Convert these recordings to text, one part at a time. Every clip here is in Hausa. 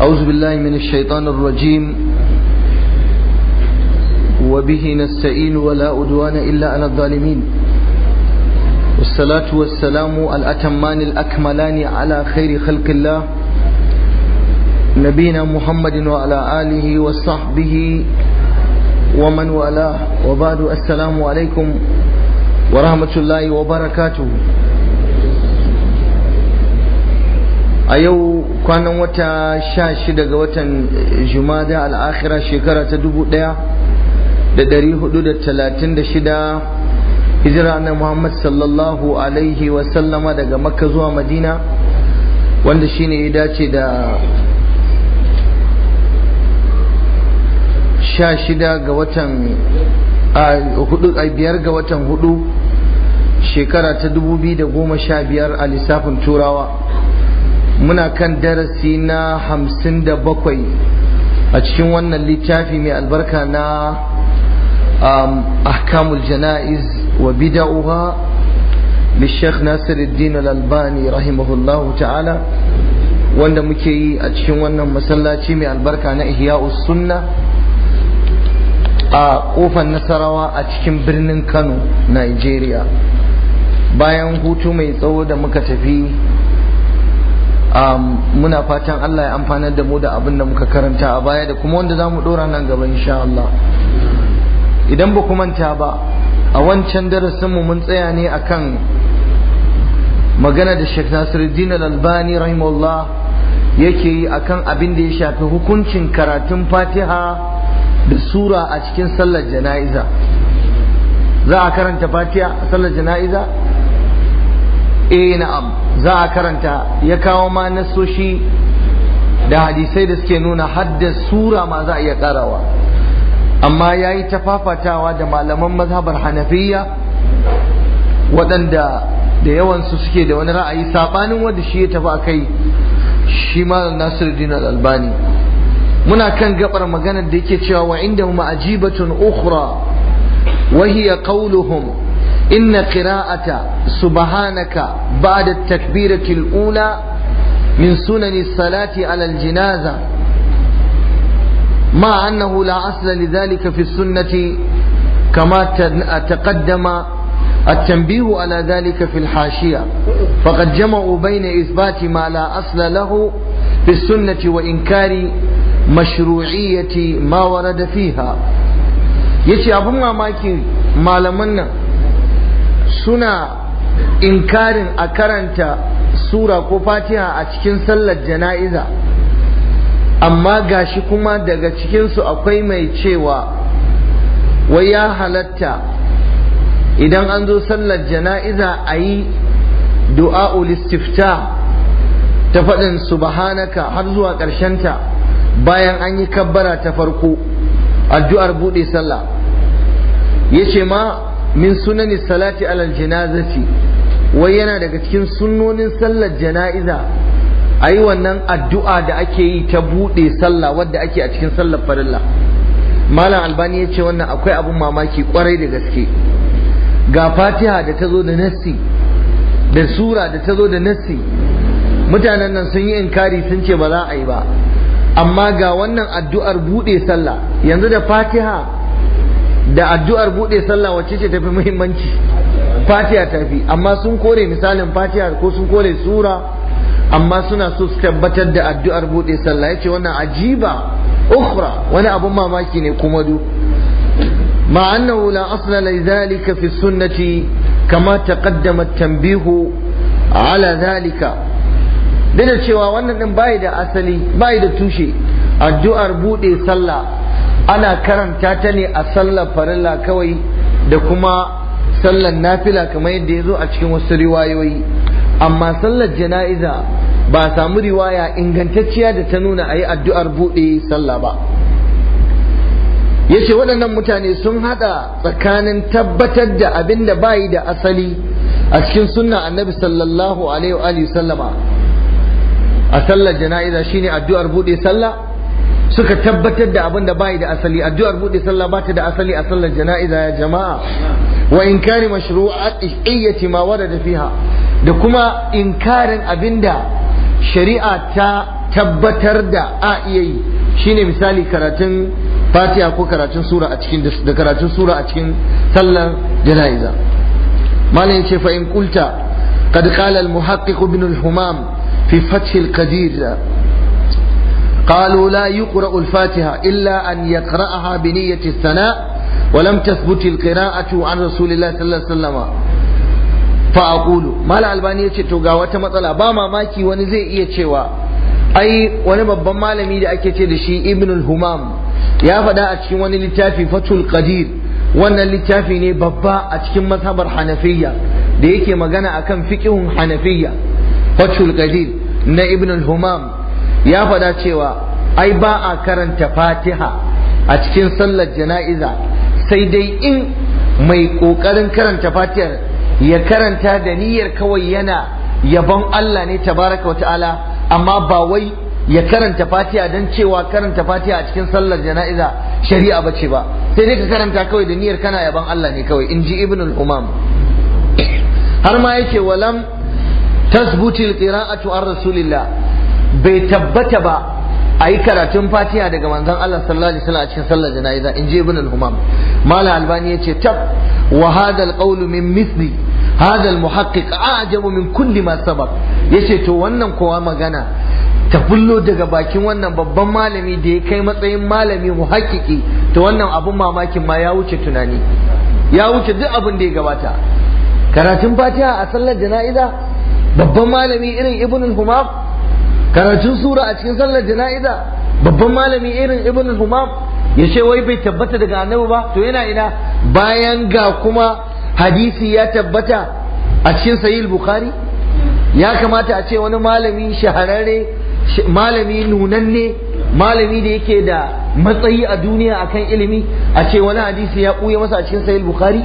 أعوذ بالله من الشيطان الرجيم وبه نستعين ولا أدوان إلا على الظالمين والصلاة والسلام الأتمان الأكملان على خير خلق الله نبينا محمد وعلى آله وصحبه ومن والاه وبعد السلام عليكم ورحمة الله وبركاته أيوه kwanan wata sha shida ga watan jumada al'akhira shekara ta dubu daya da dari hudu da talatin da shida hijira na muhammad sallallahu alaihi wasallama daga makka zuwa madina wanda shine ya dace da sha shida ga watan a biyar ga watan hudu shekara ta dubu biyu da goma sha biyar a lissafin turawa muna kan darasi na hamsin da bakwai a cikin wannan littafi mai albarka na um, ahkamul jana'iz wa bida'uha shekh nasiruddin al-albani rahimahullahu ta'ala wanda muke yi a cikin wannan masallaci mai albarka na ihya'us sunna a kofar nasarawa a cikin birnin kano nigeria bayan hutu mai tsawo da muka tafi muna fatan Allah ya amfanar da mu da abin da muka karanta a baya da kuma wanda za mu ɗora nan gaba insha Allah idan ba manta ba a wancan darasin mu mun tsaya ne akan magana da Sheikh Nasiruddin Al-Albani rahimahullah yake yi akan abin da ya shafi hukuncin karatun Fatiha da sura a cikin sallar jana'iza za a karanta Fatiha sallar jana'iza eh na'am za a karanta ya kawo ma nasoshi da hadisai da suke nuna hadda sura ma za a iya karawa amma ya yi tafafatawa da malaman mazhabar hanafiya waɗanda da yawansu suke da wani ra'ayi saɓanin wanda shi ya tafi a kai shi malam Nasiru al-albani muna kan gabar maganar da yake cewa wa inda ajibatun ukhra wa hiya qawluhum إن قراءة سبحانك بعد التكبيرة الأولى من سنن الصلاة على الجنازة مع أنه لا أصل لذلك في السنة كما تقدم التنبيه على ذلك في الحاشية فقد جمعوا بين إثبات ما لا أصل له في السنة وإنكار مشروعية ما ورد فيها يتي أبو ماكي ما لمنا suna inkarin a karanta sura ko fatiha a cikin sallar jana'iza amma gashi kuma daga cikinsu akwai mai cewa wai ya halatta idan an zo sallar jana'iza a yi dua ulistifta ta faɗin su subhanaka har zuwa ta bayan an yi kabbara ta farko addu'ar buɗe sallah ya ce ma min sunani salati alal janazati wai yana daga cikin sunnonin sallar jana'iza a yi wannan addu'a da ake yi ta buɗe sallah wadda ake a cikin sallar farilla malam albani ya ce wannan akwai abin mamaki kwarai da gaske ga fatiha da ta zo da nassi da sura da ta zo da nassi mutanen nan sun yi inkari sun ce ba za a yi ba amma ga wannan addu'ar buɗe sallah yanzu da fatiha da addu'ar buɗe sallah wacce ce tafi muhimmanci fatiha tafi amma sun kore misalin fatiha ko sun kore sura amma suna so su tabbatar da addu'ar buɗe sallah yace wannan ajiba ukhra wani abun mamaki ne kuma du ma annahu la asla li zalika fi sunnati kama taqaddama tanbihu ala zalika." dana cewa wannan din bai da asali bai da tushe addu'ar buɗe sallah ana karanta ta ne a sallar farilla kawai da kuma sallar nafila kamar yadda ya zo a cikin wasu riwayoyi amma sallar jana'iza ba a samu riwaya ingantacciya da ta nuna a yi addu'ar buɗe sallah ba Ya ce waɗannan mutane sun haɗa tsakanin tabbatar da abin da bayi da asali a cikin sunna annabi sallallahu alaihi wa sallama a sallar jana'iza shine addu'ar buɗe sallah suka tabbatar da abin da bayi da asali addu'ar bude sallah bata da asali a sallar jana'iza ya jama'a wa inkari mashru'at iyyati ma warada fiha da kuma inkarin abinda shari'a ta tabbatar da a iya yi shine misali karatun fatiha ko karatun sura a cikin da karatun sura a cikin sallar jana'iza malam ce fa in qulta qad qala al muhaqqiq ibn al humam fi fathil al qadir قالوا لا يقرأ الفاتحة إلا أن يقرأها بنية الثناء ولم تثبت القراءة عن رسول الله صلى الله عليه وسلم فأقول ما الألباني يتشي توقع وتمطلع باما ماكي ونزي يتشيوا أي ونبب مالمي لأكي تدشي ابن الهمام يا فدا أتشي ونلتافي فتح القدير wannan littafi ne babba a cikin mazhabar hanafiya da yake magana akan fiqhun hanafiya fathul qadir na ibn al-humam ya faɗa cewa ai ba a karanta fatiha a cikin sallar jana'iza sai dai in mai ƙoƙarin karanta fatihar ya karanta da niyyar kawai yana yabon Allah ne tabaraka wata'ala amma ba wai ya karanta fatiha don cewa karanta fatiha a cikin sallar jana'iza shari'a ba ce ba sai dai ka karanta kawai da niyyar kana yabon Allah ne kawai in ji ibn al-umam har ma yake walam tasbutil qiraatu ar rasulillah bai tabbata ba a yi karatun fatiha daga manzon Allah sallallahu alaihi wasallam a cikin sallar jana'iza in je ibn al-humam mala albani yace tab wa hada al-qawl min mithli hada al-muhaqqiq ajabu min kulli ma sabaq yace to wannan kowa magana ta bullo daga bakin wannan babban malami da ya kai matsayin malami muhaqqiqi to wannan abun mamakin ma ya wuce tunani ya wuce duk abin da ya gabata karatun fatiha a sallar jana'iza babban malami irin ibn al-humam karatun sura a cikin sallar jana'iza babban malami irin ibn humam ya ce wai bai tabbata daga annabi ba to yana ina bayan ga kuma hadisi ya tabbata a cikin sahih bukhari ya kamata a ce wani malami shahararre malami nunanne malami da yake da matsayi a duniya akan ilimi a ce wani hadisi ya ɓuya masa a cikin sahih bukhari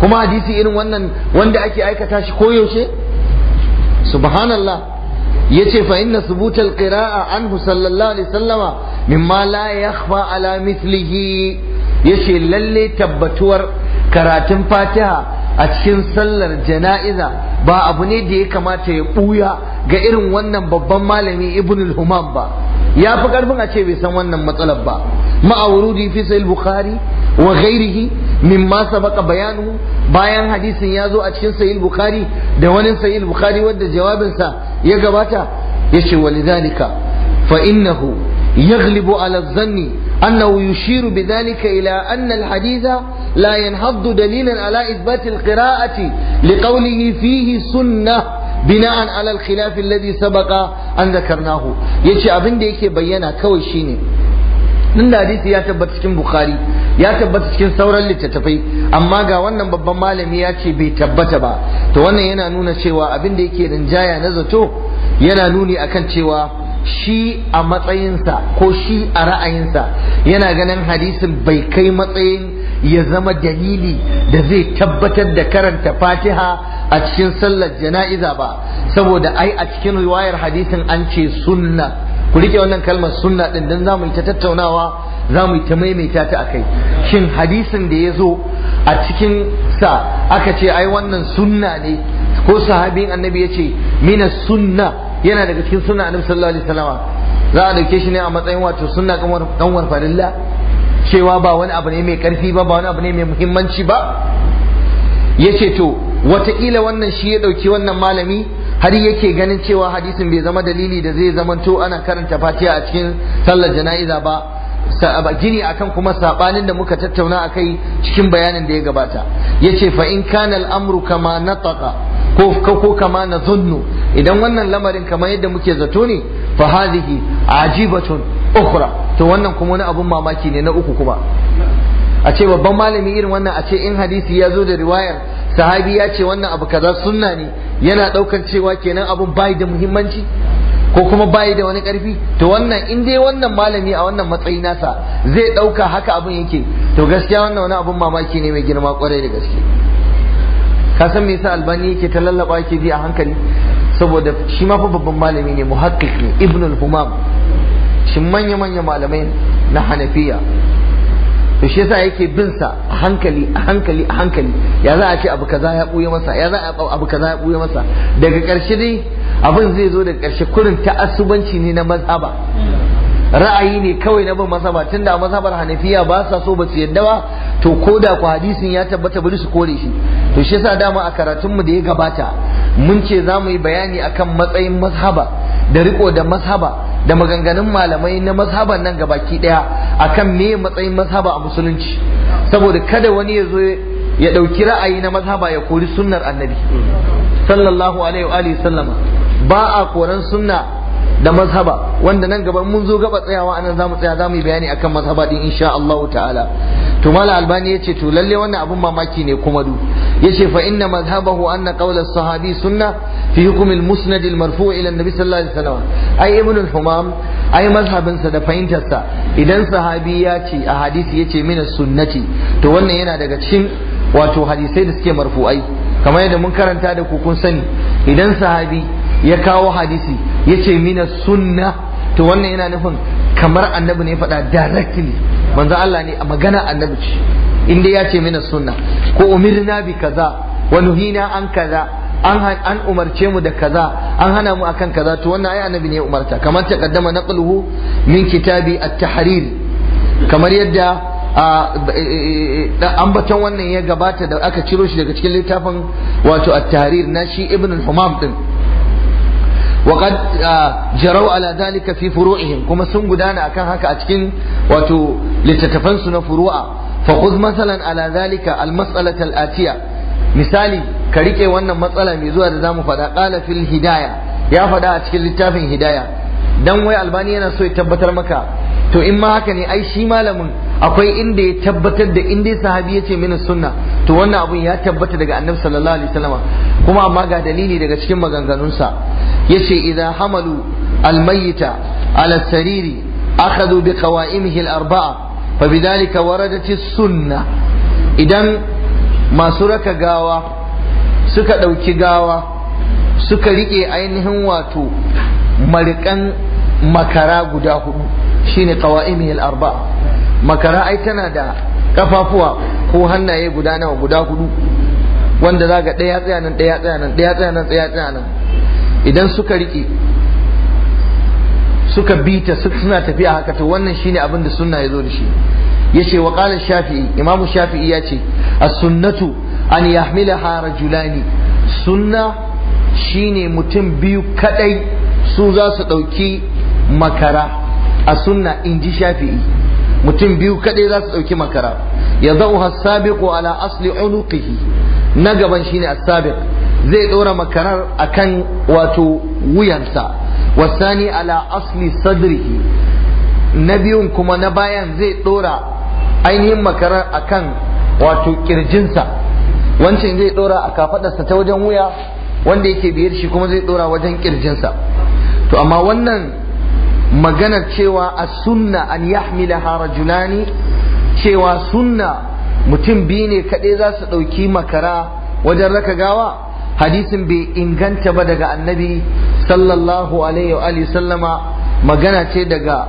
kuma hadisi irin wannan wanda ake aikata shi koyaushe subhanallah yace fa inna subutal qira'a anhu sallallahu alaihi wasallama mimma la yakhfa ala mithlihi yace lalle tabbatuwar karatun fatiha a cikin sallar jana'iza ba abu ne da ya kamata ya buya ga irin wannan babban malami ibnul humam ba ya fi karfin a ce bai san wannan matsalar ba ma'aurudi fi sahih bukhari wa ghairihi mimma sabaqa bayanu bayan hadisin ya zo a cikin sahih bukhari da wani sahih bukhari wanda jawabinsa ya gabata yace walidhalika fa innahu yaghlibu ala dhanni أنه يشير بذلك إلى أن الحديث لا ينهض دليلا على إثبات القراءة لقوله فيه سنة bina'an alal الخلاف الذي سبق an ذكرناه yace abin da yake bayyana kawai shine din da hadisi ya tabbata cikin bukhari ya tabbata cikin sauran littattafai amma ga wannan babban malami ya ce bai tabbata ba to wannan yana nuna cewa abin da yake rinjaya na zato yana nuni akan cewa shi a matsayinsa ko shi a ra'ayinsa yana ganin hadisin bai kai matsayin ya zama dalili da zai tabbatar da karanta fatiha a cikin sallar jana'iza ba saboda ai a cikin riwayar hadisin an ce sunna ku rike wannan kalmar sunna din dan zamu yi ta tattaunawa zamu yi ta maimaita ta akai shin hadisin da ya zo a cikin sa aka ce ai wannan sunna ne ko sahabin annabi ya ce mina sunna yana daga cikin sunna annabi sallallahu alaihi wasallam za a dauke shi ne a matsayin wato sunna kamar kanwar farilla cewa ba wani abu ne mai karfi ba ba wani abu ne mai muhimmanci ba yace to wataƙila wannan shi ya dauki wannan malami har yake ganin cewa hadisin bai zama dalili da zai zamanto ana karanta fatiha a cikin sallar jana'iza ba gini akan kuma sabanin da muka tattauna akai cikin bayanin da ya gabata yace fa in kana al'amru kama nataqa ko ko kama zunnu idan wannan lamarin kamar yadda muke zato ne fa hadhihi ajibatun ukhra to wannan kuma wani abun mamaki ne na uku kuma a ce babban malami irin wannan a ce in hadisi ya zo da riwayar sahabi ya ce wannan abu kaza sunna ne yana daukar cewa kenan abun bai da muhimmanci ko kuma bayi da wani karfi to wannan in dai wannan malami a wannan matsayi nasa zai dauka haka abin yake to gaskiya wannan wani abin mamaki ne mai girma kwarai da gaske ka san me yasa albani yake ta lallaba yake bi a hankali saboda shi ma fa babban malami ne muhaqqiq ne ibn al-humam shi manya manya malamai na hanafiya to shi yasa yake bin sa a hankali a hankali a hankali ya za a ce abu kaza ya buye masa ya za a abu kaza ya buye masa daga karshe dai abin zai zo da ƙarshe kurin ta'assubanci ne na mazhaba ra'ayi ne kawai na bin mazhaba tunda mazhabar hanafiya ba sa so ba su yadda ba to ko da ku hadisin ya tabbata bari su kore shi to shi yasa dama a karatun mu da ya gabata mun ce za mu yi bayani akan matsayin mazhaba da riko da mazhaba da maganganun malamai na mazhaban nan gabaki daya akan me matsayin mazhaba a musulunci saboda kada wani ya zo ya dauki ra'ayi na mazhaba ya kori sunnar annabi sallallahu alaihi wa sallama ba a koran sunna da mazhaba wanda nan gaban mun zo gaba tsayawa anan zamu tsaya zamu yi bayani akan mazhaba din insha Allah ta'ala to mala albani yace to lalle wannan abun mamaki ne kuma du yace fa inna mazhabahu anna qawl as-sahabi sunna fi hukm al-musnad al-marfu' ila an-nabi sallallahu alaihi wasallam ai ibn al-humam ai mazhabin sa da fahimtar sa idan sahabi ya ce a hadisi yace min sunnati to wannan yana daga cikin wato hadisai da suke marfu'ai kamar yadda mun karanta da ku kun sani idan sahabi ya kawo hadisi ya ce mina sunna to wannan yana nufin kamar annabi ne faɗa directly manzo Allah ne a magana annabi ce inda ya ce mina sunna ko umirna bi kaza wa nuhina an kaza an an umarce mu da kaza an hana mu akan kaza to wannan ai annabi ne ya umarta kamar ta kaddama naqluhu min kitabi at-tahrir kamar yadda e, e, e, ambaton wannan ya gabata da aka ciro shi daga cikin littafin wato at-tahrir na shi ibn al-humam din وقد جروا على ذلك في فروعهم كما سن غدانا akan haka a cikin wato littattafan na furu'a fa khudh masalan ala al mas'alata al atiya misali ka riƙe wannan matsala mai zuwa da zamu faɗa qala fil hidaya ya faɗa a cikin littafin hidaya dan wai albani yana so ya tabbatar maka to in ma haka ne ai shi malamin akwai inda ya tabbatar da inda sahabi ya ce mini sunna to wannan abun ya tabbata daga annabi sallallahu alaihi wasallam kuma amma ga dalili daga cikin maganganunsa yace idan hamalu almayyita ala sariri akhadhu bi qawaimihi alarba'a arbaa fa bidhalika waradat sunna idan masu raka gawa suka ɗauki gawa suka rike ainihin wato marikan makara guda hudu shine qawaimi al-arba makara ai tana da kafafuwa ko hannaye guda nawa guda hudu wanda zaga ɗaya tsaya nan ɗaya tsaya nan ɗaya tsaya nan tsaya tsaya nan idan suka riƙe suka bita suna tafiya haka to wannan shine abin da sunna ya zo da shi yace wa qala shafi'i imamu shafi'i yace as-sunnatu an yahmilaha rajulani sunna shine mutum biyu kadai su za su dauki makara a sunna in ji shafi'i mutum biyu kaɗai za su ɗauki makara ya zauha sabiqu ala asli unuqihi na gaban shine asabiq zai ɗora makarar akan wato wuyansa wasani ala asli sadrihi na biyun kuma na bayan zai ɗora ainihin makarar akan wato kirjinsa wancan zai ɗora a kafaɗarsa ta wajen wuya wanda yake biyar shi kuma zai ɗora wajen kirjinsa to amma wannan maganar cewa a sunna an yahmila harajulani cewa sunna mutum biyu ne kaɗai za su ɗauki makara wajen raka gawa hadisin bai inganta ba daga annabi sallallahu alaihi wa sallama magana ce daga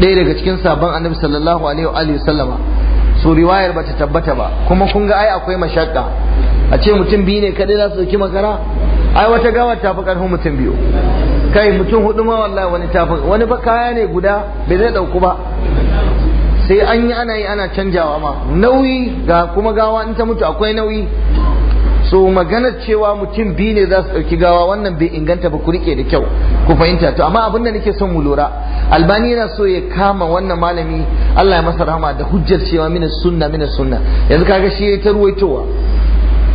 ɗaya daga cikin sabon annabi sallallahu alaihi wa sallama su riwayar ta tabbata ba kuma kun ga ai akwai mashakka a ce mutum biyu ne kaɗai za su ɗauki makara ai wata gawar ta fi ƙarfin mutum biyu kai mutum hudu ma wallahi wani tafin wani ba kaya ne guda bai zai dauku ba sai an yi ana yi ana canjawa ma nauyi ga kuma gawa in ta mutu akwai nauyi so magana cewa mutum biyu ne za su ɗauki gawa wannan bai inganta ba ku rike da kyau ku fahimta to amma abin da nake son mu lura albani yana so ya kama wannan malami Allah ya masa rahama da hujjar cewa mina sunna mina sunna yanzu kaga shi ya ta ruwaitowa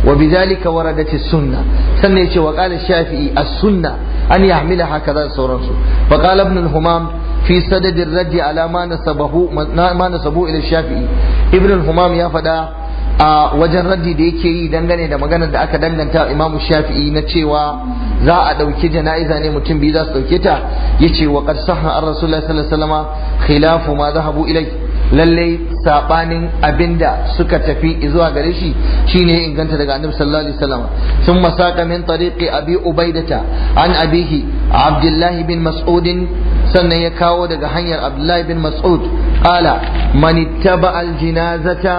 wa bidhalika waradat sunna sannan yace wa qala shafi'i a sunna an yahmila hakaza sauransu fa qala ibn al-humam fi sadad ar-radd ala ma nasabahu ma nasabu ila shafi'i ibn al-humam ya faɗa a wajen raddi da yake yi dangane da maganar da aka danganta imamu shafi'i na cewa za a ɗauki jana'iza ne mutum biyu za su ɗauke ta yace wa qad sahha ar-rasulullah sallallahu alaihi wasallam khilafu ma dhahabu ilayhi lalle sabanin abinda suka tafi zuwa gare shi shine inganta daga annabi sallallahu alaihi wasallam sun masaka min tariqi abi ubaidata an abihi abdullahi bin mas'ud sannan ya kawo daga hanyar abdullahi bin mas'ud qala man ittaba al jinazata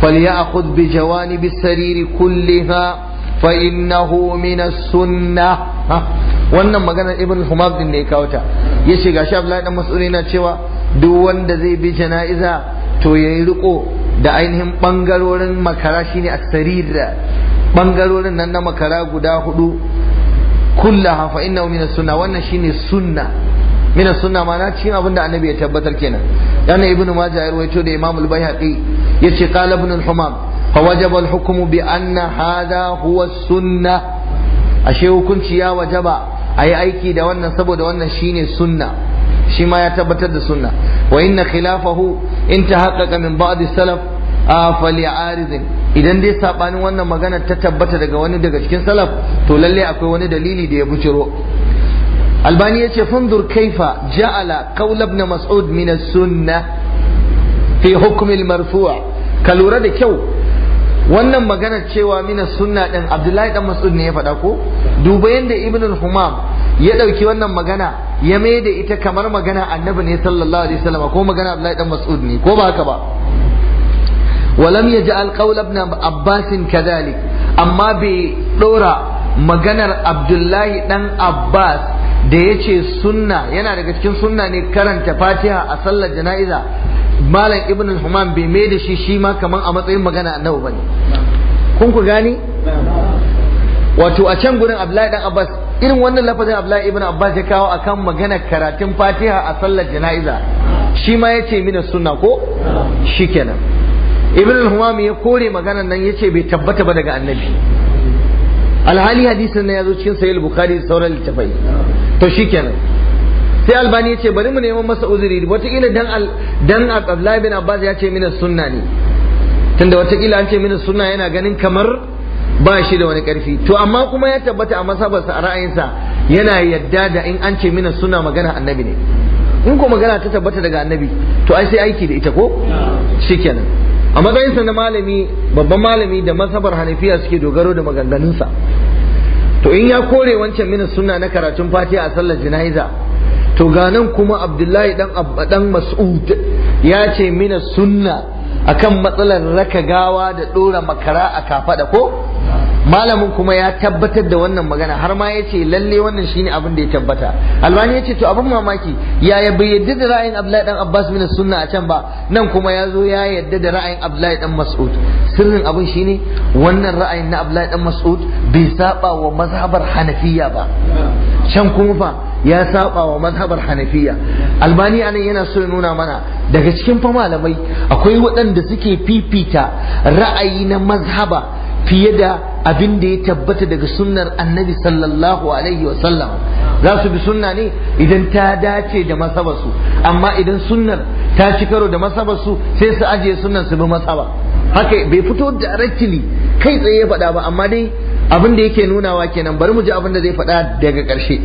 falyakhudh bi jawanib sarir kulliha fa innahu min as-sunnah wannan maganar ibn humab din ne ya kawo ta yace gashi abdullahi dan mas'ud yana cewa duk wanda zai bi jana'iza to yayi riko da ainihin bangarorin makara shine a sarira bangarorin nan na makara guda hudu kullaha fa innahu min suna. wannan shine sunna min sunna ma'ana cikin abin da annabi ya tabbatar kenan yana ibnu majah ya rawaito da imam al bayhaqi yace qala ibn al-humam فوجب الحكم بأن هذا huwa, sunna. ashe hukunci ya wajaba a yi aiki da wannan saboda wannan shine sunna shi ma ya tabbatar da sunna wa inna khilafahu in ta tahaqqaqa min ba'd salaf a fali arizin idan dai sabanin wannan magana ta tabbata daga wani daga cikin salaf to lalle akwai wani dalili da ya buciro albani ya ce fundur kaifa ja'ala qaul ibn mas'ud min as-sunnah fi hukm al-marfu' ka lura da kyau wannan magana cewa min as-sunnah din abdullahi dan mas'ud ne ya faɗa ko duba yanda ibn al-humam ya ɗauki wannan magana ya mai da ita kamar magana annabi ne sallallahu alaihi wasallam ko magana Abdullahi dan Mas'ud ne ko ba haka ba walam yaj'al qawl ibn Abbas kadhalik amma bai ɗora maganar Abdullahi dan Abbas da yace sunna yana daga cikin sunna ne karanta Fatiha a sallar jana'iza malam Ibn humam bai mai da shi shi ma kamar a matsayin magana annabi bane kun ku gani wato a can gurin Abdullahi dan Abbas irin wannan lafazin Abdullahi ibn Abbas ya kawo akan magana karatun Fatiha a sallar jana'iza shi ma yace mina sunna ko shikenan Ibn al-Humam ya kore maganar nan yace bai tabbata ba daga Annabi alhali hadisin nan yazo cikin sahih bukhari da sauran littafai to shikenan sai albani ya ce bari mu neman masa uzuri wataƙila dan dan abdullahi bin abbas ya ce mina sunna ne tunda wataƙila an ce mina sunna yana ganin kamar ba shi da wani karfi to amma kuma ya tabbata a masabarsa a ra'ayinsa yana yadda da in an ce mina suna magana annabi ne in ko magana ta tabbata daga annabi to ai sai aiki da ita ko shikenan a matsayinsa na malami babban malami da masabar hanafiya suke dogaro da maganganunsa to in ya kore wancan mina suna na karatun fatiha a sallar jana'iza to nan kuma abdullahi dan dan mas'ud ya ce mina sunna akan matsalar raka gawa da dora makara a kafada ko malamin kuma ya tabbatar da wannan magana har ma ya ce lalle wannan shine abin da ya tabbata albani ya ce to abin mamaki ya bai yadda da ra'ayin abdullahi dan abbas min sunna a can ba nan kuma ya zo ya yadda da ra'ayin abdullahi dan mas'ud sirrin abin shine wannan ra'ayin na abdullahi dan mas'ud bai saba wa mazhabar hanafiya ba can kuma fa ya saba wa mazhabar hanafiya albani anan yana so ya nuna mana daga cikin fa malamai akwai waɗanda suke fifita ra'ayi na mazhaba fiye da abin da ya tabbata daga sunnar annabi sallallahu alaihi wasallam za su bi sunna ne idan ta dace da masabarsu amma idan sunnar ta ci karo da masabarsu sai su ajiye sunnar su bi masaba haka bai fito da rakili kai tsaye ya faɗa ba amma dai abin da yake nunawa kenan bari mu ji abin da zai faɗa daga ƙarshe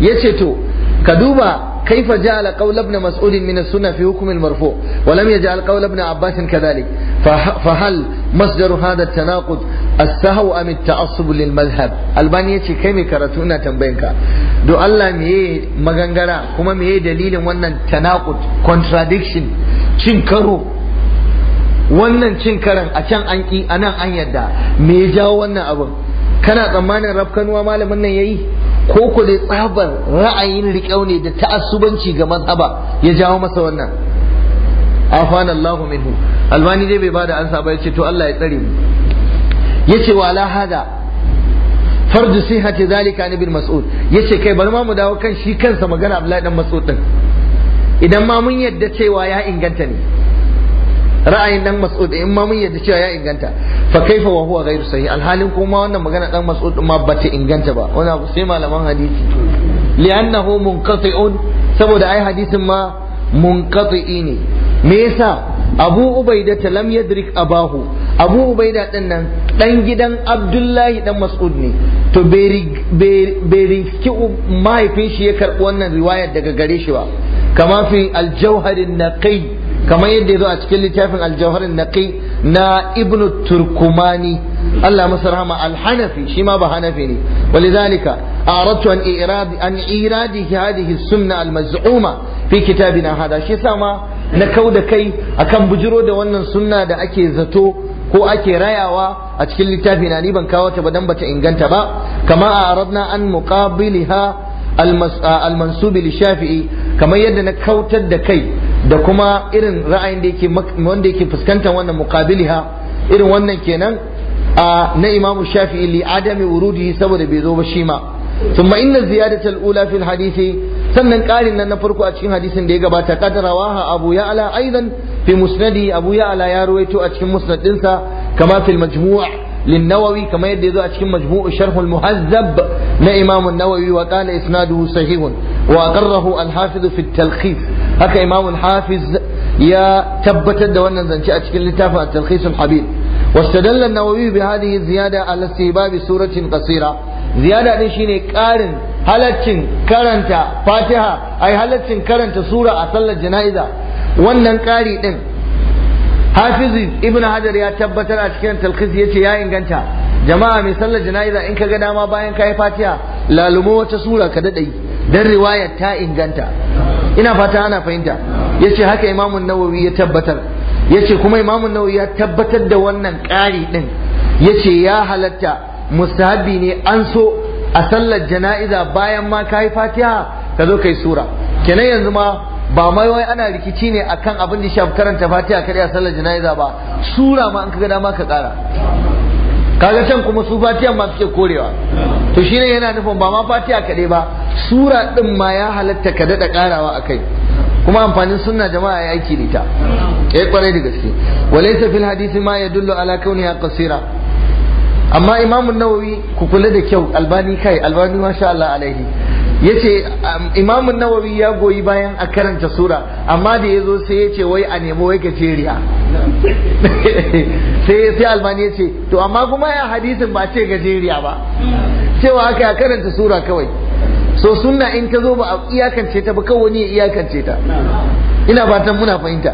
yace to ka duba kaifa ja'ala qawl ibn mas'ud min as-sunnah fi hukm al-marfu' wa lam yaj'al qawl ibn abbas kadhalik fa hal masdaru hadha at-tanaqud as-sahw am at-ta'assub yace kai mai karatu ina tambayan do Allah meye magangara kuma meye dalilin wannan tanaqud contradiction cin karo wannan cin karan a can an ki anan an yadda me ya jawo wannan abin kana tsammanin rafkanuwa malamin nan ya yi ko ku dai tsabar ra'ayin riƙau ne da ta'assubanci ga mazhaba ya jawo masa wannan afana Allahu minhu albani dai bai bada ansa ba yace to Allah ya tsare mu yace wala hada Fard sihhati zalika an ibn mas'ud yace kai bar ma mu dawo kan shi kansa magana Abdullahi dan Mas'ud din idan ma mun yadda cewa ya inganta ne ra'ayin dan mas'ud in ma mun yadda cewa ya inganta fa kaifa wa huwa ghairu sahih alhalin kuma wannan magana dan mas'ud ma bata inganta ba wannan abu sai malaman hadisi li'annahu munqati'un saboda ai hadisin ma munqati'i ne me yasa abu ubaida ta lam yadrik abahu abu ubaida din nan dan gidan abdullahi dan mas'ud ne to bai riski mahaifin shi ya karɓi wannan riwayar daga gare shi ba kama fi aljauharin naqi kamar yadda ya zo a cikin littafin aljawharin naqi na ibnu turkumani Allah masa rahama alhanafi shi ma ba hanafi ne walidhalika aradtu an iradi an iradi hadhihi sunna almaz'uma fi kitabina hada shi sama ma na kauda kai akan bujiro da wannan sunna da ake zato ko ake rayawa a cikin littafi na ni ban kawo ta ba dan bata inganta ba kama a aradna an muqabiliha kamar للشافعي كما يدنا كوتد كي da kuma irin ra'ayin da yake wanda yake fuskantar wannan muqabiliha irin wannan kenan a na Imam Shafi'i li adami wurudihi saboda bai zo ba shi ma thumma inna ziyadatal ula fil hadisi sannan ƙarin nan na farko a cikin hadisin da ya gabata kadarawaha Abu Ya'la aidan fi musnadi Abu Ya'la ya ruwaito a cikin musnadinsa kama fil majmu' للنووي كما يدي ذو أشكم مجموع شرح المهذب لإمام النووي وقال إسناده صحيح وأقره الحافظ في التلخيص هكا إمام الحافظ يا تبت الدوانا زنشاء أشكم لتافة التلخيص الحبيب واستدل النووي بهذه الزيادة على استهباب سورة قصيرة زيادة دي شيني قارن halaccin karanta fatiha ai halaccin karanta sura a sallar jana'iza wannan ƙari ɗin Hafizu ibn hajar ya tabbatar a cikin talkhis yace ya inganta jama'a mai sallar jana'iza in ka ga dama bayan kai fatiha lalumo wata sura ka dade dan riwaya ta inganta ina fata ana fahimta yace haka imamun nawawi ya tabbatar yace kuma imamun nawawi ya tabbatar da wannan ƙari din yace ya halatta mustahabi ne an so a sallar jana'iza bayan ma kai fatiha ka zo kai sura kenan yanzu ma ba mai wai ana rikici ne akan abin da shafi karanta fatiha kare a sallar jana'iza ba sura ma an kaga dama ka kara kaga can kuma su fatiha ma suke korewa to shine yana nufin ba ma fatiha kaɗai ba sura din ma ya halatta ka daɗa karawa akai kuma amfanin sunna jama'a ya aiki da eh kwarai da gaske walaysa fil hadisi ma yadullu ala kauniha qasira amma imamu nawawi ku kula da kyau albani kai albani masha Allah alaihi yace um, Imam Nawawi ya goyi bayan a karanta sura amma da yazo sai yace wai a nemo wai ka sai sai Albani yace to amma kuma ya hadisin ba ce gajeriya ba cewa aka ya karanta sura kawai so sunna in ta zo ba a iyakance ta ba kawai wani ya iyakance ta ina fatan muna fahimta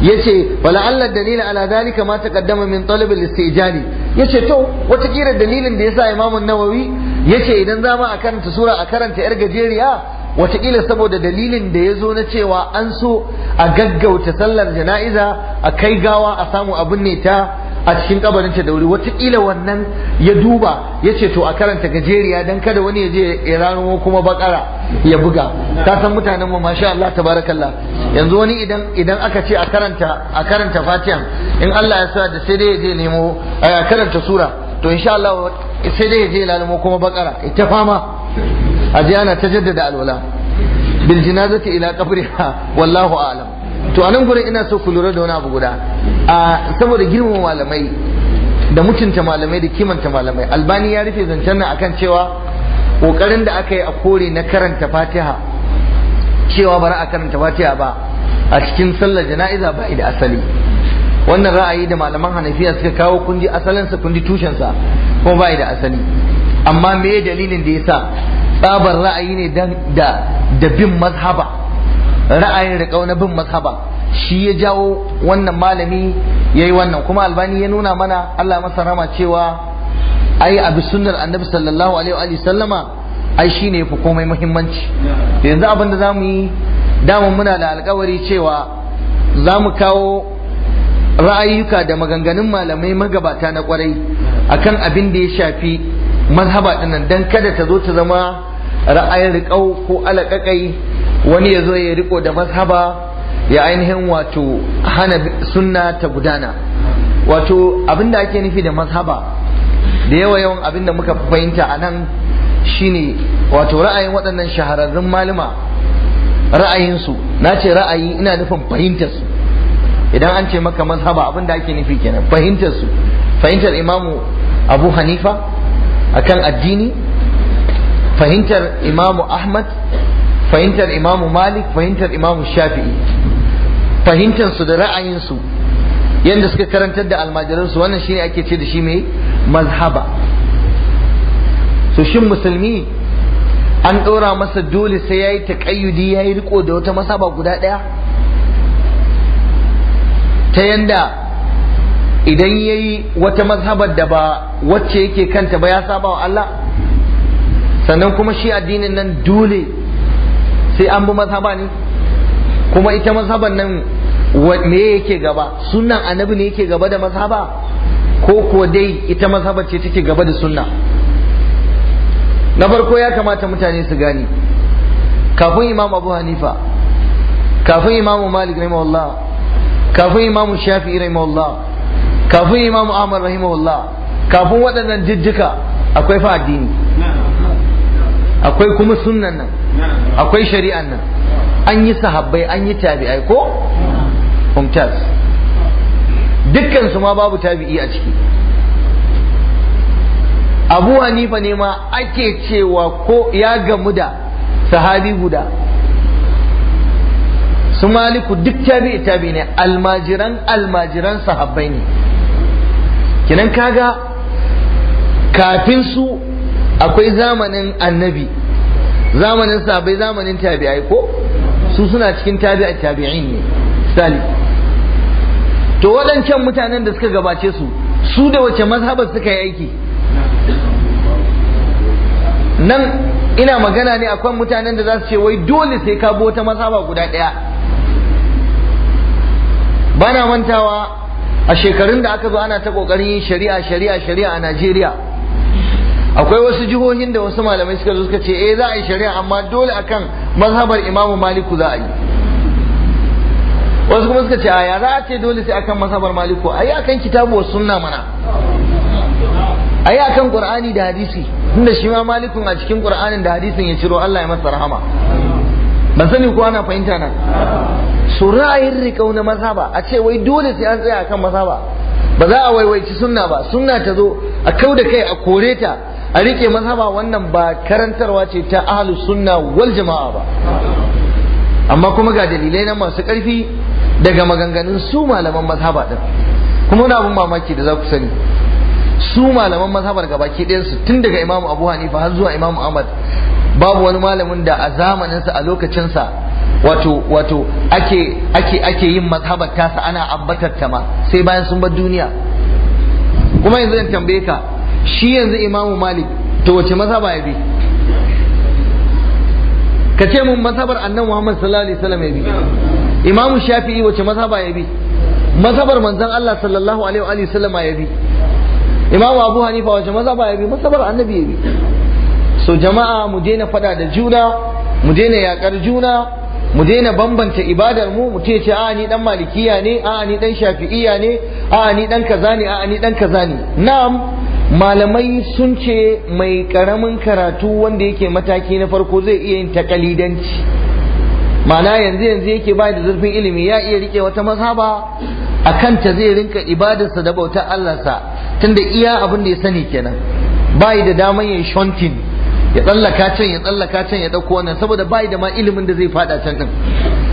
yace wala alla dalila ala dalika ma taqaddama min talab al-istijani yace to wata kira dalilin da yasa Imam Nawawi yace idan za mu a karanta sura a karanta yar gajeriya wataƙila saboda dalilin da ya zo na cewa an so a gaggauta sallar jana'iza a kai gawa a samu abin ne ta a cikin ta da wuri wataƙila wannan ya duba yace to a karanta gajeriya don kada wani ya je ya rano kuma bakara ya buga ta san mutanen mu masha Allah tabarakallah yanzu wani idan idan aka ce a karanta a karanta fatiha in Allah ya sa da sai dai ya je nemo eh, a karanta sura to insha Allah sai dai je lalmo kuma bakara ita fama a je ta jaddada alwala bil jinazati ila qabriha wallahu a'lam to anan gurin ina so ku lura da wani abu guda a saboda girman malamai da mutunta malamai da kimanta malamai albani ya rufe zancen nan akan cewa kokarin da aka yi a kore na karanta fatiha cewa bara a karanta fatiha ba a cikin sallar jana'iza ba da asali wannan ra'ayi da malaman hanafiya suka kawo kundi asalinsa kundi tushensa ko bai da asali amma me dalilin da yasa tsabar ra'ayi ne da da bin mazhaba ra'ayin da kauna bin mazhaba shi ya jawo wannan malami yayi wannan kuma albani ya nuna mana Allah masa rama cewa ai abi sunnar annabi sallallahu alaihi wa sallama ai shine yafi komai muhimmanci yanzu abin da zamu yi damu muna da alƙawari cewa za mu kawo ra'ayuka da maganganun malamai magabata na kwarai akan abin da ya shafi mazhaba dinnan dan kada ta zo ta zama ra'ayin riƙau ko alaƙaƙai wani ya zo ya riƙo da mazhaba ya ainihin wato hana sunna ta gudana wato abin da ake nufi da mazhaba da yawa yawan abin da muka fahimta anan nan shine wato ra'ayin waɗannan shahararrun malama ra'ayinsu na ce ra'ayi ina nufin su. idan an ce maka mazhaba abin da ake nufi kenan fahimtar su fahimtar imamu abu hanifa akan addini fahimtar imamu ahmad fahimtar imamu malik fahimtar imamu shafi'i fahimtar su da ra'ayinsu yadda suka karantar da almajiransu wannan shine ake ce da shi mai mazhaba so shin musulmi an ɗora masa dole sai ya yi taƙayyudi ya yi riko da wata masaba guda ɗaya ta yanda idan ya yi wata mazhabar da ba wacce yake kanta ba ya saba wa Allah sannan kuma shi addinin nan dole sai an bi mazhaba ne kuma ita mazhaban nan me yake gaba sunan annabi ne yake gaba da mazhaba ko kuwa dai ita mazhabar ce take gaba da sunna na farko ya kamata mutane su gani, kafin imam abu hanifa kafin imam malik rahimahullah kafin imamu shafi'i rahimahullah kafin imamu rahim rahimahullah kafin waɗannan jijjika akwai fa addini akwai kuma sunnan nan akwai shari'an nan an yi sahabbai an yi tabi'ai ko umtaz dukkan ma babu tabi'i a ciki abu hanifa ne ma ake cewa ko ya gamu da sahabi guda su maliku duk tabi'i tabi ne almajiran almajiran sahabbai ne kinan kaga kafin su akwai zamanin annabi zamanin sahabbai zamanin tabi'ai ko su suna cikin tabi'a tabi'in ne misali to waɗancan mutanen da suka gabace su su da wace mazhabar suka yi aiki nan ina magana ne akwai mutanen da za su ce wai dole sai ka bi wata mazhaba guda ɗaya ba na mantawa a shekarun da aka zo ana ta kokarin yin shari'a shari'a shari'a a Najeriya akwai wasu jihohin da wasu malamai suka zo suka ce eh za a yi shari'a amma dole akan mazhabar Imam Maliku za a yi wasu kuma suka ce a ya za a ce dole sai akan mazhabar Maliku a yi akan kitabu wa sunna mana a yi akan Qur'ani da hadisi tunda shi ma Malikun a cikin Qur'anin da hadisin ya ciro Allah ya masa rahama ban sani ko ana fahimta nan su ra'ayin rikau na ba a ce wai dole sai an tsaya akan maza ba za a waiwaici sunna ba sunna ta zo a kau da kai a kore ta a rike ba wannan ba karantarwa ce ta ahlus sunna wal jama'a ba amma kuma ga dalilai na masu ƙarfi daga maganganun su malaman mazhaba din kuma na abun mamaki da za ku sani su malaman mazhabar gabaki ɗayansu tun daga imamu abu hanifa har zuwa imamu ahmad babu wani malamin da a zamaninsa a lokacinsa wato wato ake ake ake yin mazhabar tasa ana ambatar ta ma sai bayan sun bar duniya kuma yanzu in tambaye ka shi yanzu imamu malik to wace mazhaba ya bi ka ce mun mazhabar annan muhammad sallallahu alaihi wasallam ya bi imamu shafi'i wace mazhaba ya bi mazhabar manzon Allah sallallahu alaihi wa sallam ya bi imamu abu hanifa wace mazhaba ya bi mazhabar annabi ya bi so jama'a mu daina fada da juna mu daina yakar juna mu daina bambanta ibadar mu mutum ya ce a ni dan malikiya ne a ni dan shafi'iya ne a ni dan kaza ne a ni dan kaza ne na'am malamai sun ce mai karamin karatu wanda yake mataki na farko zai iya yin takalidanci ma'ana yanzu yanzu yake ba da zurfin ilimi ya iya rike wata mazhaba a kanta zai rinka ibadarsa da bautar Allah sa tunda iya abin da ya sani kenan bai da daman yin shontin ya tsallaka can ya tsallaka can ya dauko wannan saboda bai da ma ilimin da zai fada can din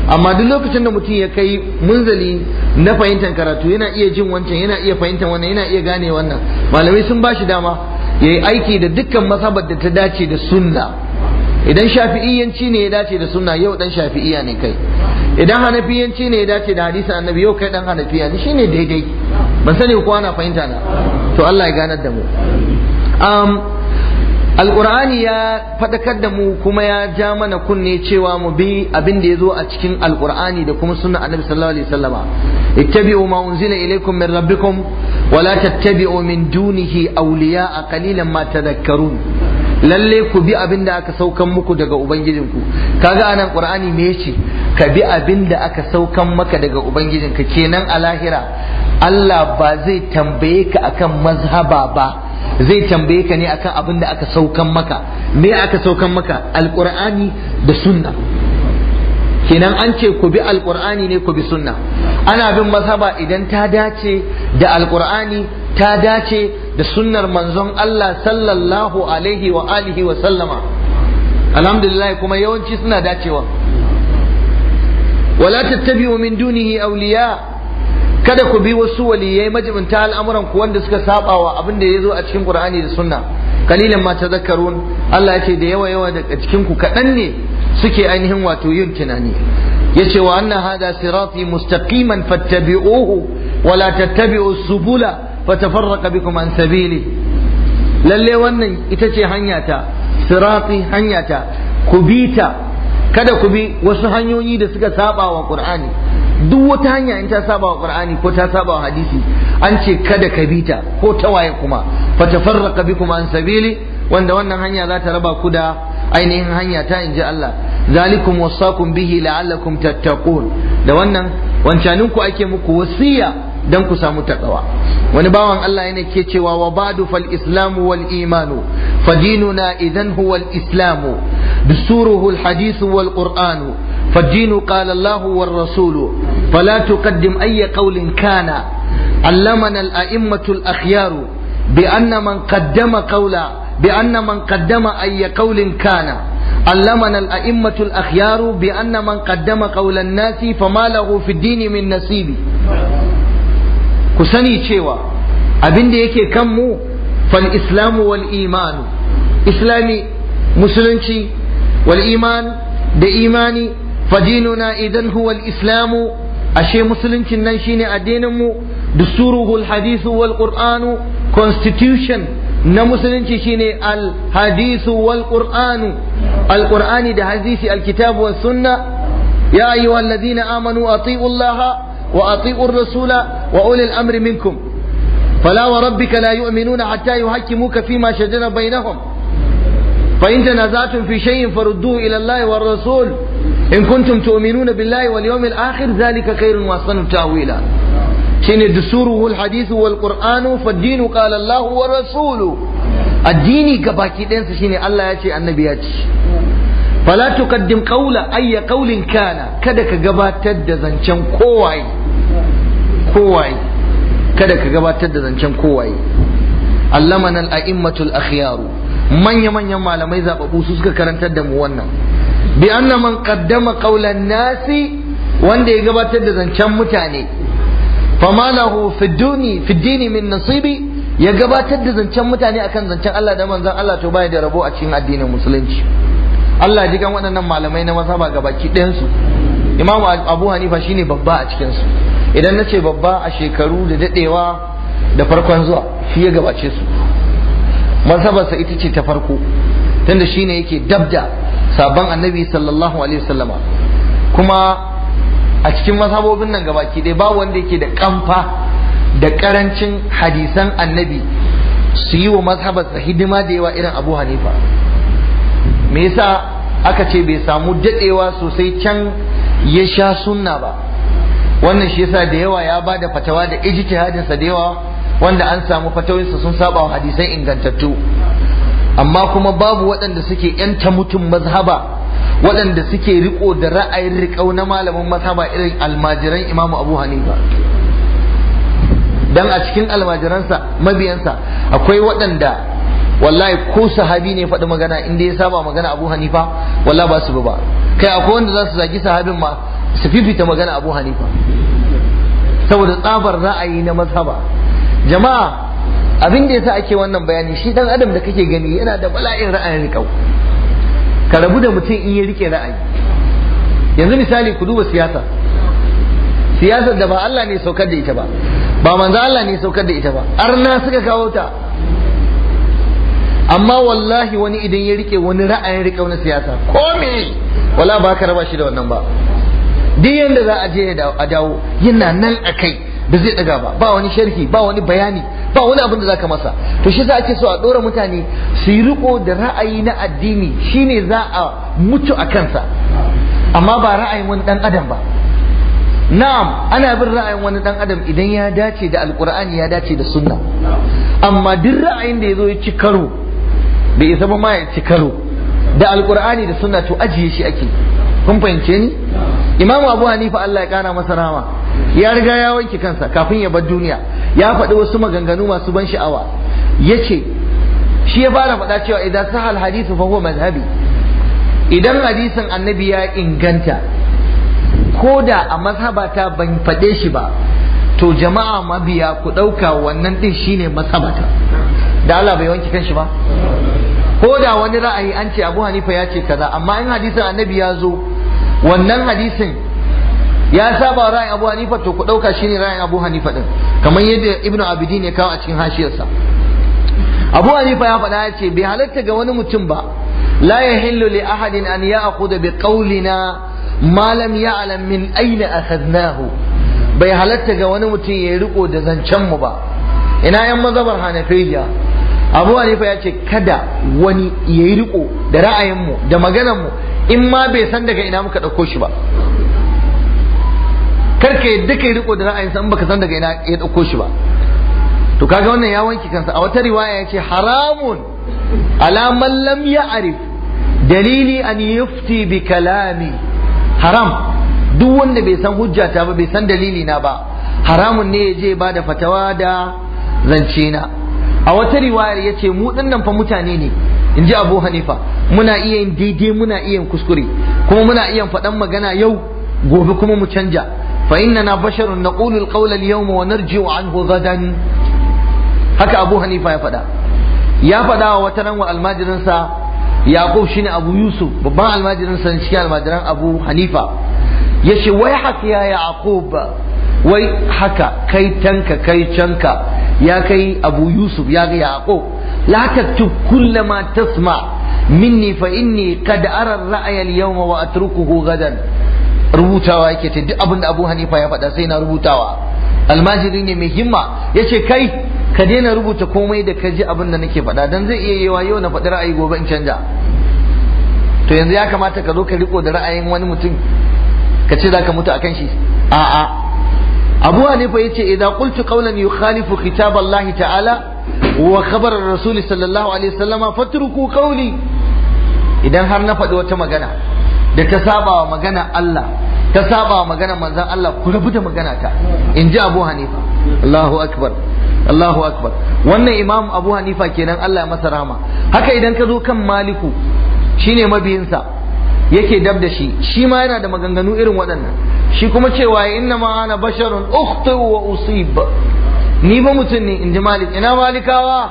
amma duk lokacin da mutum ya kai munzali na fahimtar karatu yana iya jin wancan yana iya fahimtar wannan yana iya gane wannan malamai sun bashi dama ya yi aiki da dukkan masabar da ta dace da sunna idan shafi'iyanci ne ya dace da sunna yau dan shafi'iya ne kai idan hanafiyanci ne ya dace da hadisi annabi yau kai dan hanafiya ne shine daidai ban sani ko ana fahimta na to Allah ya ganar da mu um, alkur'ani ya faɗakar da mu kuma ya ja mana kunne cewa mu bi abin da ya zo a cikin alkur'ani da kuma suna annabi sallallahu alaihi wasallama ittabi'u ma unzila ilaykum min rabbikum wa la tattabi'u min dunihi awliya'a qalilan ma tadhakkarun lalle ku bi abin da aka saukan muku daga ubangijinku kaga anan qur'ani me yace ka bi abin da aka saukan maka daga ubangijinka kenan a lahira Allah ba zai tambaye ka akan mazhaba ba zai tambaye ka ne akan abin da aka saukan maka me aka saukan maka alqur'ani da sunna kenan an ce ku bi alqur'ani ne ku bi sunna ana bin mazhaba idan ta dace da alqur'ani ta dace da sunnar manzon Allah sallallahu alaihi wa alihi wa sallama alhamdulillah kuma yawanci suna dacewa wala tattabi'u min dunihi awliya kada ku bi wasu waliyai majibinta al'amuran ku wanda suka saba wa abin da ya zo a cikin Qur'ani da Sunna kalilan ma tazakkarun Allah ya ce da yawa yawa daga cikin ku kaɗan ne suke ainihin wato yin tunani yace wa anna hada sirati mustaqiman fattabi'uhu wa la tattabi'u subula fatafarraqa bikum an sabili lalle wannan ita ce hanyata sirati hanyata ku bi ta kada ku bi wasu hanyoyi da suka saba wa Qur'ani duk wata hanya in ta saba wa qur'ani ko ta saba wa hadisi an ce kada ka bi ta ko ta waye kuma fatafarraqa bikum an sabili wanda wannan hanya za ta raba ku da ainihin hanya ta inji Allah zalikum wasakum bihi la'allakum tattaqun da wannan wancanin ku ake muku wasiya dan ku samu takawa wani bawan Allah yana ke cewa wa badu fal islamu wal imanu fadinuna idan huwa al islamu dusuruhu al hadisu wal qur'anu فالدين قال الله والرسول فلا تقدم أي قول كان علمنا الأئمة الأخيار بأن من قدم قولا بأن من قدم أي قول كان علمنا الأئمة الأخيار بأن من قدم قول الناس فما له في الدين من نصيب كسني cewa abin da yake kan mu fal islamu wal iman islami musulunci wal iman da imani فديننا إذن هو الإسلام أشي مسلم كنن شيني أدينمو دستوره الحديث والقرآن constitution na musulunci shine al-hadisu wal da hadisi al-kitabu was sunna ya ayyuhalladhina amanu ati'u allaha wa ati'u ar-rasula wa ulil amri minkum fala wa rabbika la yu'minuna hatta yuhaqqimuka fima shajara bainahum Fahimta na tanazatum fi shay'in farudduhu ila Allah war rasul in kuntum tu'minuna billahi wal yawmil akhir zalika khairun wa wasan, ta'wila shine dusuruhu al hadith wal qur'anu fa ad-din qala Allah wa rasuluhu addini gabaki ɗayansa shine Allah ya ce annabi ya ce fala tuqaddim qawla ayya qawlin kana kada ka gabatar da zancen kowaye kowaye kada ka gabatar da zancen kowaye allamana al-a'immatul akhyaru manya-manyan malamai zababu su suka karantar da mu wannan bi anna man qaddama qawlan nasi wanda ya gabatar da zancen mutane Fa lahu fi duni fi dini min nasibi ya gabatar da zancen mutane akan zancen Allah da manzan Allah to bai da rabo a cikin addinin musulunci Allah ji kan waɗannan malamai na mazhaba ga baki ɗayansu Imam Abu Hanifa shine babba a cikin su idan nace babba a shekaru da dadewa da farkon zuwa shi ya gabace su mazhabarsa ita ce ta farko tunda shine yake dabda sabon annabi sallallahu alaihi wasallama kuma a cikin mazhabobin nan gabaki ɗaya ba wanda yake da kamfa da karancin hadisan annabi su yi wa mazhabarsa hidima da yawa irin abu hanifa me yasa aka ce bai samu dadewa sosai can ya sha sunna ba wannan shi yasa da yawa ya ba da fatawa da ijtihadinsa da yawa wanda an samu fatawarsa sun saba wa hadisai ingantattu amma kuma babu waɗanda suke yanta mutum mazhaba waɗanda suke riko da ra'ayin riƙau na malamin mazhaba irin almajiran imamu abu hanifa dan a cikin almajiransa mabiyansa akwai waɗanda wallahi ko sahabi ne faɗi magana inda ya saba magana abu hanifa wallahi ba su bi ba kai akwai wanda za su zagi sahabin ma su fifita magana abu hanifa saboda tsabar ra'ayi na mazhaba jama'a abin da yasa ake wannan bayani shi dan adam da kake gani yana da bala'in ra'ayin riƙau ka rabu da mutum in ya rike ra'ayi yanzu misali ku duba siyasa Siyasa da ba Allah ne saukar da ita ba ba manzo Allah ne saukar da ita ba arna suka kawo ta amma wallahi wani idan ya rike wani ra'ayin riƙau na siyasa ko me wala ba ka raba shi da wannan ba duk yanda za a je a dawo yana nan a kai ba zai daga ba ba wani sharhi ba wani bayani ba wani abin da zaka masa to shi a ake so a dora mutane su yi riko da ra'ayi na addini shine za a mutu a kansa amma ba ra'ayin wani dan adam ba na'am ana bin ra'ayin wani dan adam idan ya dace da alkur'ani ya dace da sunna amma duk ra'ayin da yazo ya ci karo bai zama ma ya ci karo da alkur'ani da sunna to ajiye shi ake kun fahimce ni imam abu hanifa Allah ya kana masa rahama ya riga ya wanke kansa kafin ya bar duniya ya faɗi wasu maganganu masu ban sha'awa Ya ce shi ya fara faɗa cewa idan sahal hadisu fa huwa mazhabi idan hadisin annabi ya inganta ko da a mazhabata ban faɗe shi ba to jama'a mabiya ku ɗauka wannan ɗin shine mazhabata da Allah bai wanke kanshi ba ko da wani ra'ayi an ce Abu Hanifa ya ce kaza amma in hadisin annabi ya zo wannan hadisin ya saba ra'ayin Abu Hanifa to ku dauka shine ra'ayin Abu Hanifa din kamar yadda Ibn Abidin ya kawo a cikin hashiyarsa Abu Hanifa ya faɗa ya ce bai halatta ga wani mutum ba la yahillu li ahadin an ya'khudha bi qawlina ma lam ya'lam min ayna akhadnahu bai halatta ga wani mutum ya riko da zancen mu ba ina yan mazhabar Hanafiya Abu Hanifa ya ce kada wani ya riko da ra'ayin mu da maganar mu in ma bai san daga ina muka ɗauko shi ba karka yadda kai riko da ra'ayin san baka san daga ina ya ɗauko shi ba to kaga wannan ya wanke kansa a wata riwaya ya ce haramun alaman man lam ya'rif dalili an yufti bi kalami haram duk wanda bai san hujjata ba bai san dalili na ba haramun ne ya je ba da fatawa da zance na a wata riwayar ya ce mu dinnan fa mutane ne in ji abu hanifa muna iya yin daidai muna iya kuskure kuma muna iya faɗan magana yau gobe kuma mu canja fa inna na basharun na ƙulul ƙaular yau wa narji'u anhu gadan haka abu hanifa ya faɗa ya faɗa wa wata ran wa almajirinsa yaqub shine abu yusuf babban almajirinsa cikin almajiran abu hanifa ya ce wai haka ya yaqub wai haka kai tanka kai canka ya kai abu yusuf ya ga yaƙo la taktub kullama tasma minni fa inni qad ara ar-ra'ya al-yawma wa atrukuhu gadan rubutawa yake ta duk abin da Abu Hanifa ya faɗa sai na rubutawa almajiri ne mai himma yace kai ka daina rubuta komai da ka ji abin da nake faɗa dan zai iya yewa yau na faɗi ra'ayi gobe in canja to yanzu ya kamata ka zo ka riko da ra'ayin wani mutum ka ce za mutu akan shi a'a abu hanifa yace idan kulti qawlan yukhalifu kitab Allah ta'ala wa khabar rasul sallallahu alaihi wasallam fatruku kauli idan har na faɗi wata magana da ta saba wa magana Allah ta saba wa magana manzan Allah ku rabu da magana ta ji abu hanifa Allahu akbar Allahu akbar wannan imam abu hanifa kenan Allah ya masa rama haka idan ka zo kan maliku shine mabiyinsa yake dab da shi shi ma yana da maganganu irin waɗannan shi kuma cewa inna ma ana basharun ukhtu wa usib ni ba mutum ne inji malik ina malikawa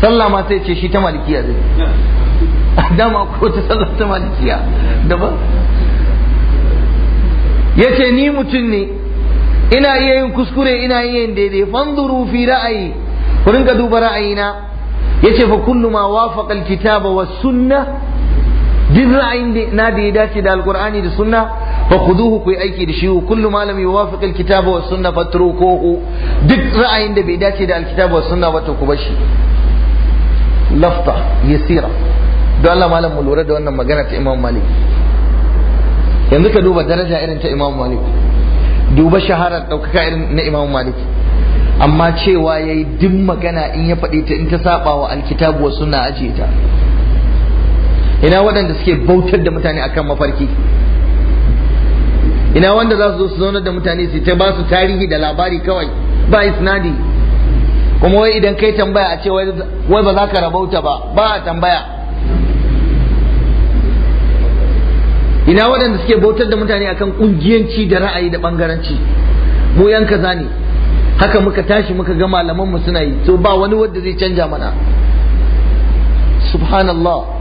sallah ma sai ce shi ta malikiya zai dama ko ta sallah ta malikiya daban yace ni mutum ne ina iya yin kuskure ina iya yin daidai fanzuru fi ra'ayi ku rinka duba ra'ayina yace fa kullu ma wafaqa alkitaba was sunnah duk ra'ayin na da ya dace da alkur'ani da sunna fa khuduhu ku aiki da shi kullu malami yuwafiq alkitaba was sunna fatrukuhu duk ra'ayin da bai dace da alkitaba was sunna ba to ku bashi lafta yasira don Allah malam mu lura da wannan magana ta Imam Malik yanzu ka duba daraja irin ta Imam Malik duba shaharar ɗaukaka irin na Imam Malik amma cewa yayi duk magana in ya faɗi ta in ta saba wa alkitabu wa sunna ajiye ta ina waɗanda suke bautar da mutane akan mafarki ina wanda za su zo su zauna da mutane su ta ba su tarihi da labari kawai ba isnadi kuma wai idan kai tambaya a ce wai ba za ka rabauta ba ba a tambaya ina waɗanda suke bautar da mutane akan ƙungiyanci da ra'ayi da ɓangaranci mu yan kaza ne haka muka tashi muka ga malamanmu suna yi to ba wani wanda zai canja mana subhanallah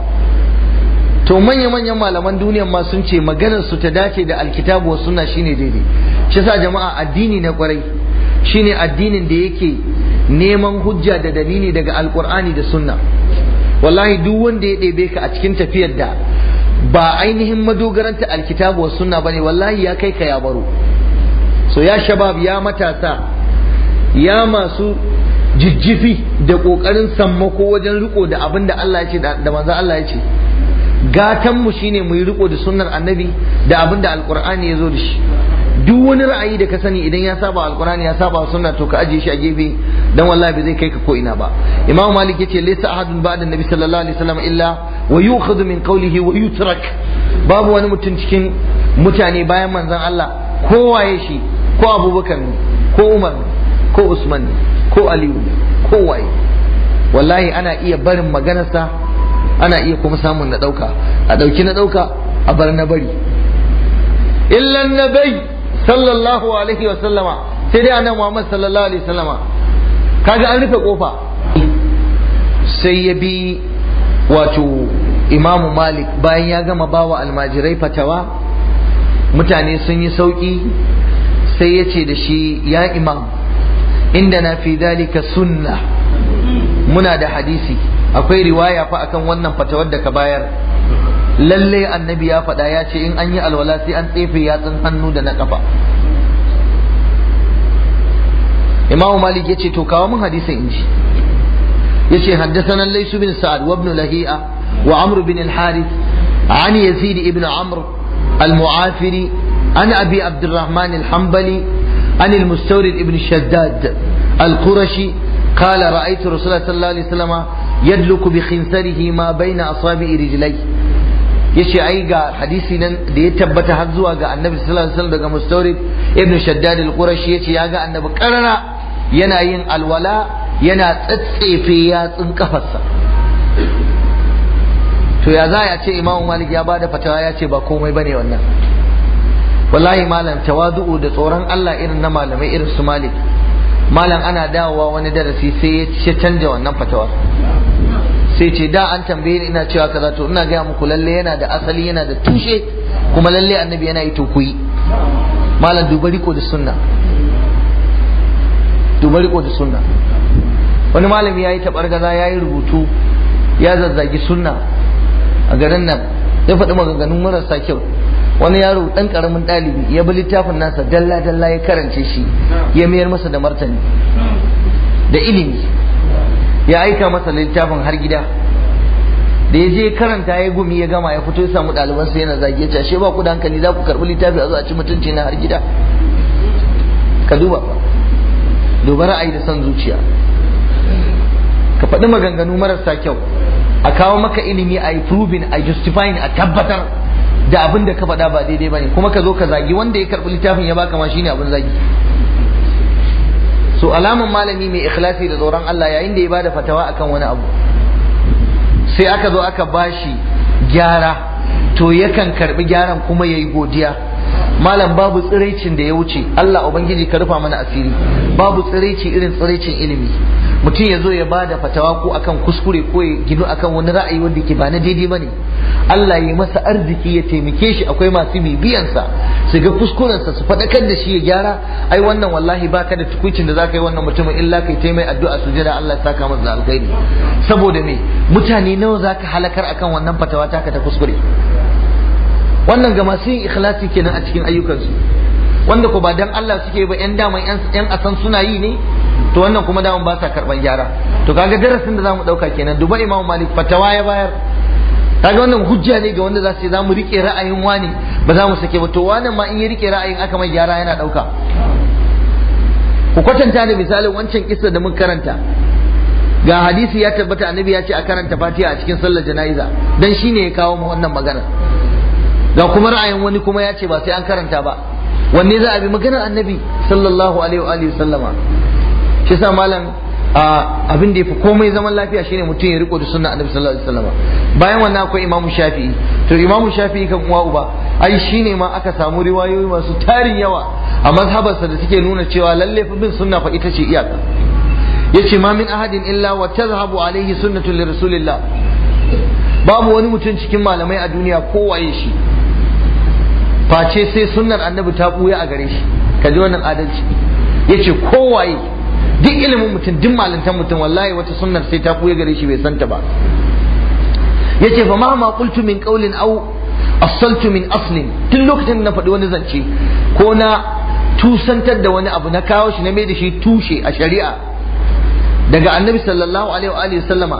to manya-manyan malaman duniyan ma sun ce maganar su ta dace da alkitabu wa sunna shine daidai shi sa jama'a addini na kwarai shine addinin da yake neman hujja da dalili daga alkur'ani da sunna wallahi duk wanda ya ɗebe ka a cikin tafiyar da ba ainihin madogaranta alkitabu wa sunna bane wallahi ya kai ka ya baro so ya shabab ya matasa ya masu jijjifi da ƙoƙarin sammako wajen riko da abinda da Allah ya ce da manzo Allah ya ce Gatanmu mu shine mu yi riko da sunnar annabi da abin da alkurani ya zo da shi duk wani ra'ayi da ka sani idan ya saba alkurani ya saba sunna to ka ajiye shi a gefe dan wallahi bai zai kai ka ko'ina ba imam malik ya yace laysa ahadun ba'da nabi sallallahu alaihi wasallam illa wa yu'khadhu min qawlihi wa yutrak babu wani mutum cikin mutane bayan manzon Allah ko waye shi ko abubakar ko umar ko usman ne ko aliyu ko waye wallahi ana iya barin maganarsa ana iya kuma samun na ɗauka a ɗauki na ɗauka a bar na bari illan na bai sallallahu alaihi wa sallama sai dai annabi Muhammad sallallahu alaihi wa sallama kaga an rufe kofa sai ya bi wato imamu malik bayan ya gama bawa almajirai fatawa mutane sun yi sauki sai ya ce da shi ya imam inda na fi dalika sunna muna da hadisi akwai riwaya fa akan wannan fatawar da ka bayar lalle annabi ya faɗa ya ce in an yi alwala sai an tsefe yatsun hannu da na kafa imamu malik ya ce to kawo mun hadisin inji ya ce haddasa laisu bin sa'ad wa ibn lahi'a wa amr bin al-harith an yazid ibn amr al-mu'afiri an abi abdurrahman al-hanbali an al-mustawrid ibn shaddad al-qurashi qala ra'aytu rasulullahi sallallahu alaihi wasallam yadluku bi khinsarihi ma baina asabi'i rijlai yace ai ga hadisi nan da ya tabbata har zuwa ga annabi sallallahu alaihi wasallam daga mustawrid ibn shaddad al-qurashi yace ya ga annabi karara yana yin alwala yana tsatsefe yatsun kafarsa to ya za ya ce imamu malik ya bada fatawa ya ce ba komai bane wannan wallahi malam tawadu'u da tsoron Allah irin na malamai irin su malik malam ana dawowa wani darasi sai ya canja wannan fatawar sai ce da an tambaye ni ina cewa kaza to ina gaya muku lalle yana da asali yana da tushe kuma lalle annabi yana yi to kuyi malam duba riko da sunna duba riko da sunna wani malami ya yi tabargaza ya yi rubutu ya zazzagi sunna a garin nan ya faɗi maganganun marasa kyau wani yaro dan karamin ɗalibi ya bi littafin nasa dalla dalla ya karance shi ya mayar masa da martani da ilimi ya aika masa littafin har gida da ya je karanta ya gumi ya gama ya fito ya samu su yana zage ta she ba ku da hankali za ku karɓi littafi a zo a ci mutunci na har gida ka duba duba ra'ayi da son zuciya ka faɗi maganganu marasa kyau a kawo maka ilimi a yi proving a justifying a tabbatar da abin da ka faɗa ba daidai ba ne kuma ka zo ka zagi wanda ya karɓi littafin ya baka ma shine abin zagi so alaman malami mai ikhlasi da tsoron Allah yayin da ya bada fatawa akan wani abu sai aka zo aka bashi gyara to yakan karɓi gyaran kuma yayi godiya malam babu tsiraicin da ya wuce Allah ubangiji ka rufa mana asiri babu tsiraici irin tsiraicin ilimi mutum ya zo ya ba da fatawa ko akan kuskure ko ya ginu akan wani ra'ayi wanda ke ba na daidai bane Allah ya yi masa arziki ya taimake shi akwai masu bibiyansa su ga kuskurensa su faɗakar da shi ya gyara ai wannan wallahi baka da tukuncin da zaka yi wannan mutumin illa kai taimai mai addu'a su jira Allah ya saka masa alkhairi saboda me mutane nawa zaka halakar akan wannan fatawa taka ta kuskure wannan ga masu yin ikhlasi kenan a cikin ayyukansu wanda ko ba dan Allah suke ba yan dama yan asan suna yi ne to wannan kuma daman ba sa karban gyara to kaga darasin da zamu dauka kenan duba Imam Malik fatawa ya bayar kaga wannan hujja ne ga wanda za su zamu rike ra'ayin wani ba za mu sake ba to wannan ma in ya rike ra'ayin aka mai gyara yana dauka ku kwatanta da misalin wancan kissa da mun karanta ga hadisi ya tabbata annabi ya ce a karanta fatiha a cikin sallar jana'iza dan shine ya kawo mu wannan magana ga kuma ra'ayin wani kuma ya ce ba sai an karanta ba wanne za a bi maganar annabi sallallahu alaihi wa sallama shi sa malam abin da yafi komai zaman lafiya shine mutum ya riko da sunna annabi sallallahu alaihi bayan wannan akwai imamu shafi'i to imamu shafi'i kan uwa uba ai shine ma aka samu riwayoyi masu tarin yawa a mazhabarsa da suke nuna cewa lalle fa bin sunna fa ita ce iyaka yace ma min ahadin illa wa tazhabu alaihi sunnatu li rasulillah babu wani mutum cikin malamai a duniya ko waye shi face sai sunnar annabi ta buya a gare shi ka ji wannan adalci yace kowaye duk ilimin mutum duk malintan mutum wallahi wata sunnar sai ta buya gare shi bai santa ba yace fa ma ma qultu min qawlin aw asaltu min aslin tun lokacin na faɗi wani zance ko na tusantar da wani abu na kawo shi na mai da shi tushe a shari'a daga annabi sallallahu alaihi wa sallama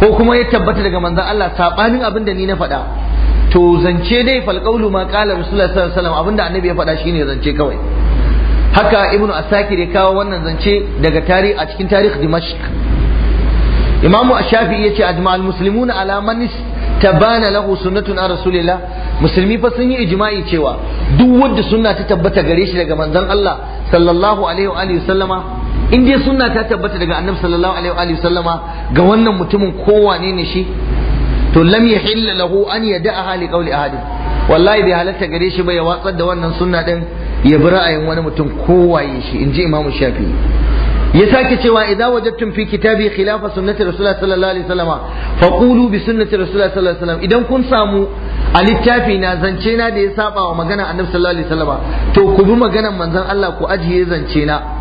ko kuma ya tabbata daga manzon Allah sabanin abin da ni na faɗa to zance dai falqaulu ma qala rasulullahi sallallahu alaihi wasallam abinda annabi ya faɗa shine zance kawai haka ibnu asakir ya kawo wannan zance daga tarihi a cikin tarihi dimashq imamu ashafi ya ce ajma'al muslimuna ala man tabana lahu sunnatun ar rasulillah musulmi fa sun yi ijma'i cewa duk wanda sunna ta tabbata gare shi daga manzon Allah sallallahu alaihi wa alihi sallama in dai sunna ta tabbata daga annabi sallallahu alaihi wa alihi sallama ga wannan mutumin kowa ne ne shi to lam yahilla lahu an yada'aha li qawli ahadin wallahi bai halatta gare shi ba ya watsar da wannan sunna din ya bi ra'ayin wani mutum ko waye shi in ji imamu shafi. ya sake cewa idza wajadtum fi kitabi khilafa sunnati rasulullah sallallahu alaihi wasallam faqulu bi sunnati rasulullah sallallahu alaihi wasallam idan kun samu a littafi na zance na da ya saba wa magana annabi sallallahu alaihi wasallam to ku bi maganar manzon Allah ku ajiye zance na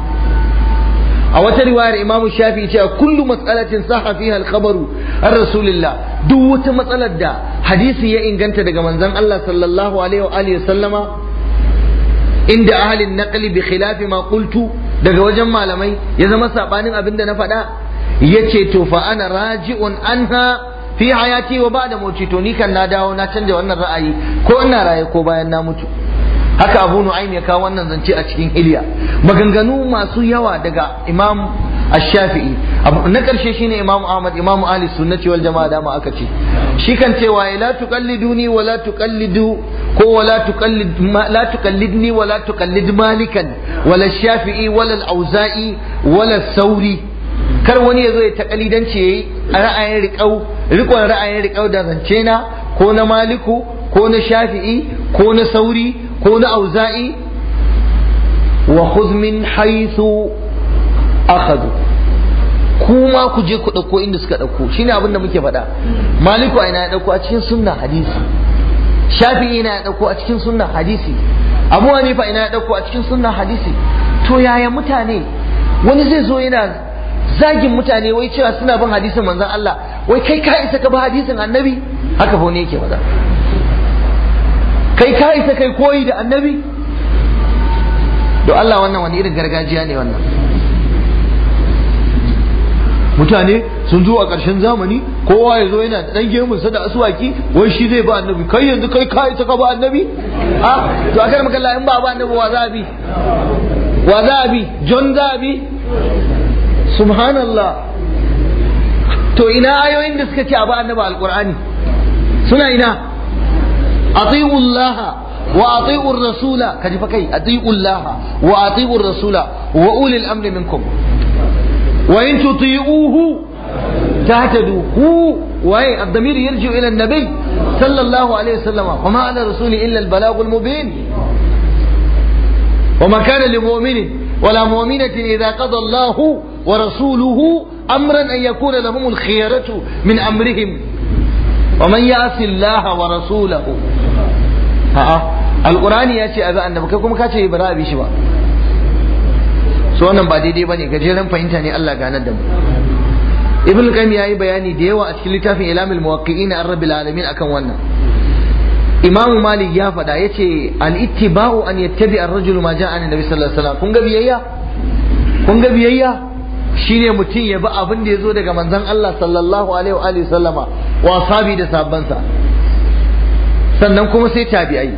a wata riwayar imam shafi cewa kullu mas'alatin sahha fiha al-khabaru an rasulillah duk wata matsalar da hadisi ya inganta daga manzon Allah sallallahu alaihi wa alihi sallama inda ahlin naqli bi khilafi ma qultu daga wajen malamai ya zama sabanin abinda na faɗa yace to fa ana raji'un anha fi hayati wa ba'da mauti to ni kan na dawo na canja wannan ra'ayi ko ina raye ko bayan na mutu haka abu nu'aym ya kawo wannan zance a cikin iliya maganganu masu yawa daga imam ash-shafi'i na karshe shine imam ahmad imam ali sunnati wal jama'a dama aka ce shi kan ce wa la tuqalliduni wa la tuqallidu ko wa la tuqallid la tuqallidni wa la tuqallid malikan wala shafi'i wala al-auza'i wala sauri kar wani ya zo ya taƙalidanci yayi ra'ayin riqau riƙon ra'ayin riqau da zance na ko na maliku ko na shafi'i ko na sauri ko na auza'i wa khudh min haythu akhadhu kuma ku je ku ɗauko inda suka ɗauko shine abin da muke faɗa maliku aina ya dauko a cikin sunna hadisi shafi'i na ya dauko a cikin sunna hadisi abu hanifa ina ya dauko a cikin sunna hadisi to yaya mutane wani zai zo yana zagin mutane wai cewa suna bin hadisin manzon Allah wai kai ka isa ka ba hadisin annabi haka fa ne yake faɗa kai ka isa kai koyi da annabi to Allah wannan wani irin gargajiya ne wannan mutane sun zo a ƙarshen zamani kowa ya zo yana ɗan gemunsa da aswaki. wai shi zai ba annabi kai yanzu kai ka isa ka ba annabi a ah, to akai kar makalla in ba ba annabi wa za bi wa za bi john za bi subhanallah to ina ayoyin da suka ce a ba annabi alƙur'ani suna ina أطيعوا الله وأطيعوا الرسول كيف كي أطيعوا الله وأطيعوا الرسول وأولي الأمر منكم وإن تطيعوه تهتدوا هو وهي الضمير يرجع إلى النبي صلى الله عليه وسلم وما على الرسول إلا البلاغ المبين وما كان لمؤمن ولا مؤمنة إذا قضى الله ورسوله أمرا أن يكون لهم الخيرة من أمرهم wa man ya'si Allah wa rasulahu a'a alqur'ani ya ce abi annabi kai kuma ka ce ba shi ba so wannan ba daidai bane gajeren fahimta ne Allah ganar da mu ibn qayyim yayi bayani da yawa a cikin littafin ilamul muwaqqi'ina an rabbil alamin akan wannan imam malik ya faɗa yace al ittiba'u an yattabi ar rajulu ma ja'a an nabi sallallahu alaihi wasallam kun ga biyayya kun ga biyayya shine mutum ya bi abin da ya zo daga manzon Allah sallallahu alaihi wa alihi sallama wa sabi da sahabbansa sannan kuma sai tabi'ai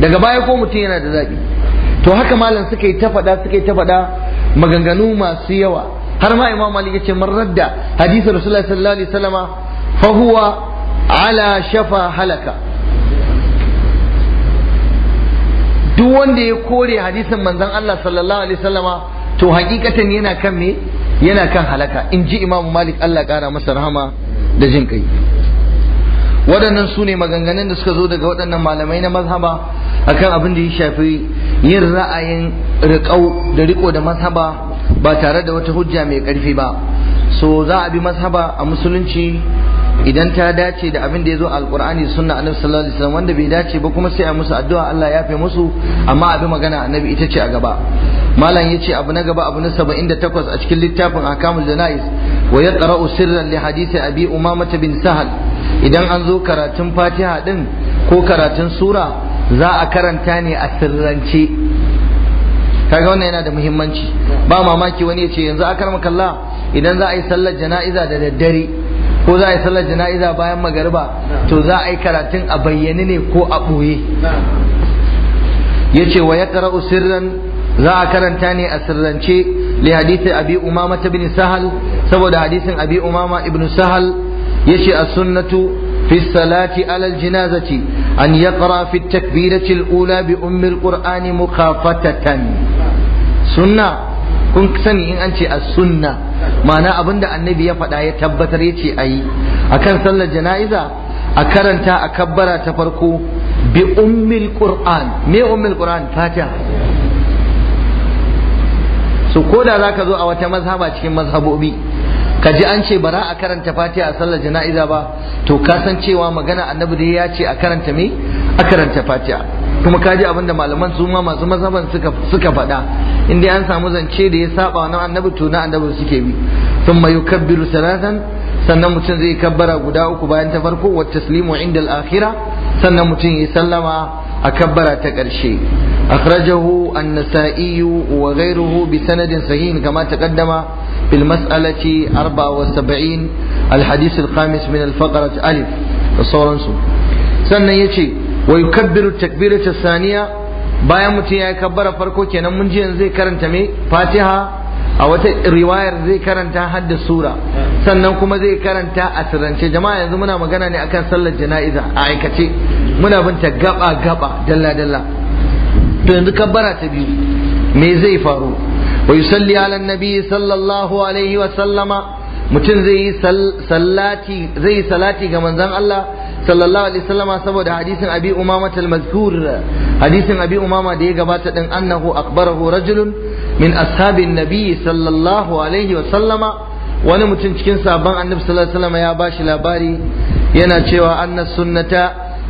daga baya ko mutum yana da zaɓi to haka malam suka yi ta faɗa suka yi ta faɗa maganganu masu yawa har ma imam malik ya ce man radda hadisi rasulullahi sallallahu alaihi wasallama fa huwa ala shafa halaka duk wanda ya kore hadisin manzon Allah sallallahu alaihi wasallama to hakikatan yana kan me yana kan halaka in ji imam malik Allah kara masa rahama da jin kai waɗannan su ne maganganun da suka zo daga waɗannan malamai na mazhaba akan abin da ya shafi yin ra'ayin riƙau da riƙo da mazhaba ba tare da wata hujja mai ƙarfi ba so za a bi mazhaba a musulunci idan ta dace da abin da ya zo alƙur'ani sunna annabi sallallahu alaihi wasallam wanda bai dace ba kuma sai a musu addu'a Allah ya fi musu amma a bi magana annabi ita ce a gaba malam ya ce abu na gaba abu na takwas a cikin littafin akamul janais wa yaqra'u sirran li hadisi abi umamata bin sahal idan an zo karatun fatiha din ko karatun sura za a karanta ne a sirrance kaga wannan yana da muhimmanci ba mamaki wani ya ce yanzu akar kalla idan za a yi sallar jana'iza da daddare ko za a yi sallar jana'iza bayan magariba to za a yi karatun a bayyane ne ko a ɓoye ya ce wa ya sirran za a karanta ne a sirrance li hadithin abi umama ta bin sahal saboda hadisin abi umama ibn sahal yace a sunnatu fi salati alal jinazati an yaqra fi takbirati al-ula bi ummi al-qur'ani mukhafatatan sunna kun sani in an ce a sunna ma'ana abinda annabi ya faɗa ya tabbatar yace yi. akan sallar jana'iza a karanta a kabbara ta farko bi ummil qur'an me ummil qur'an fatiha Su ko da za ka zo a wata mazhaba cikin mazhabobi ka ji an ce ba za a karanta fatiha a sallar jana'iza ba to ka san cewa magana annabi da ya ce a karanta me a karanta fatiha kuma ka ji abin da malaman su ma masu mazhaban suka suka faɗa in dai an samu zance da ya saba wa annabi to na annabi suke bi Sun mai yukabbiru salatan sannan mutum zai kabbara guda uku bayan ta farko wa taslimu inda al sannan mutum ya sallama a kabbara ta ƙarshe akhrajahu an-nasa'i wa ghayruhu bi sanadin sahihin kama taqaddama fil mas'alati 74 al-hadith al-khamis min al alif da sauransu sannan yace wa yukabbiru takbirata saniya bayan mutum ya kabbara farko kenan mun ji yanzu zai karanta me fatiha a wata riwayar zai karanta hadda sura sannan kuma zai karanta a sirrance jama'a yanzu muna magana ne akan sallar jana'iza a aikace muna binta gaba gaba dalla dalla to yanzu kabbara ta biyu me zai faru wa yusalli ala nabi sallallahu alaihi wa sallama mutum zai yi salati zai salati ga manzon Allah sallallahu alaihi wasallama saboda hadisin abi umama al-mazkur hadisin abi umama da ya gabata din annahu akbarahu rajulun min ashabin nabi sallallahu alaihi wasallama wani mutum cikin sabon annabi sallallahu alaihi wasallama ya bashi labari yana cewa anna sunnata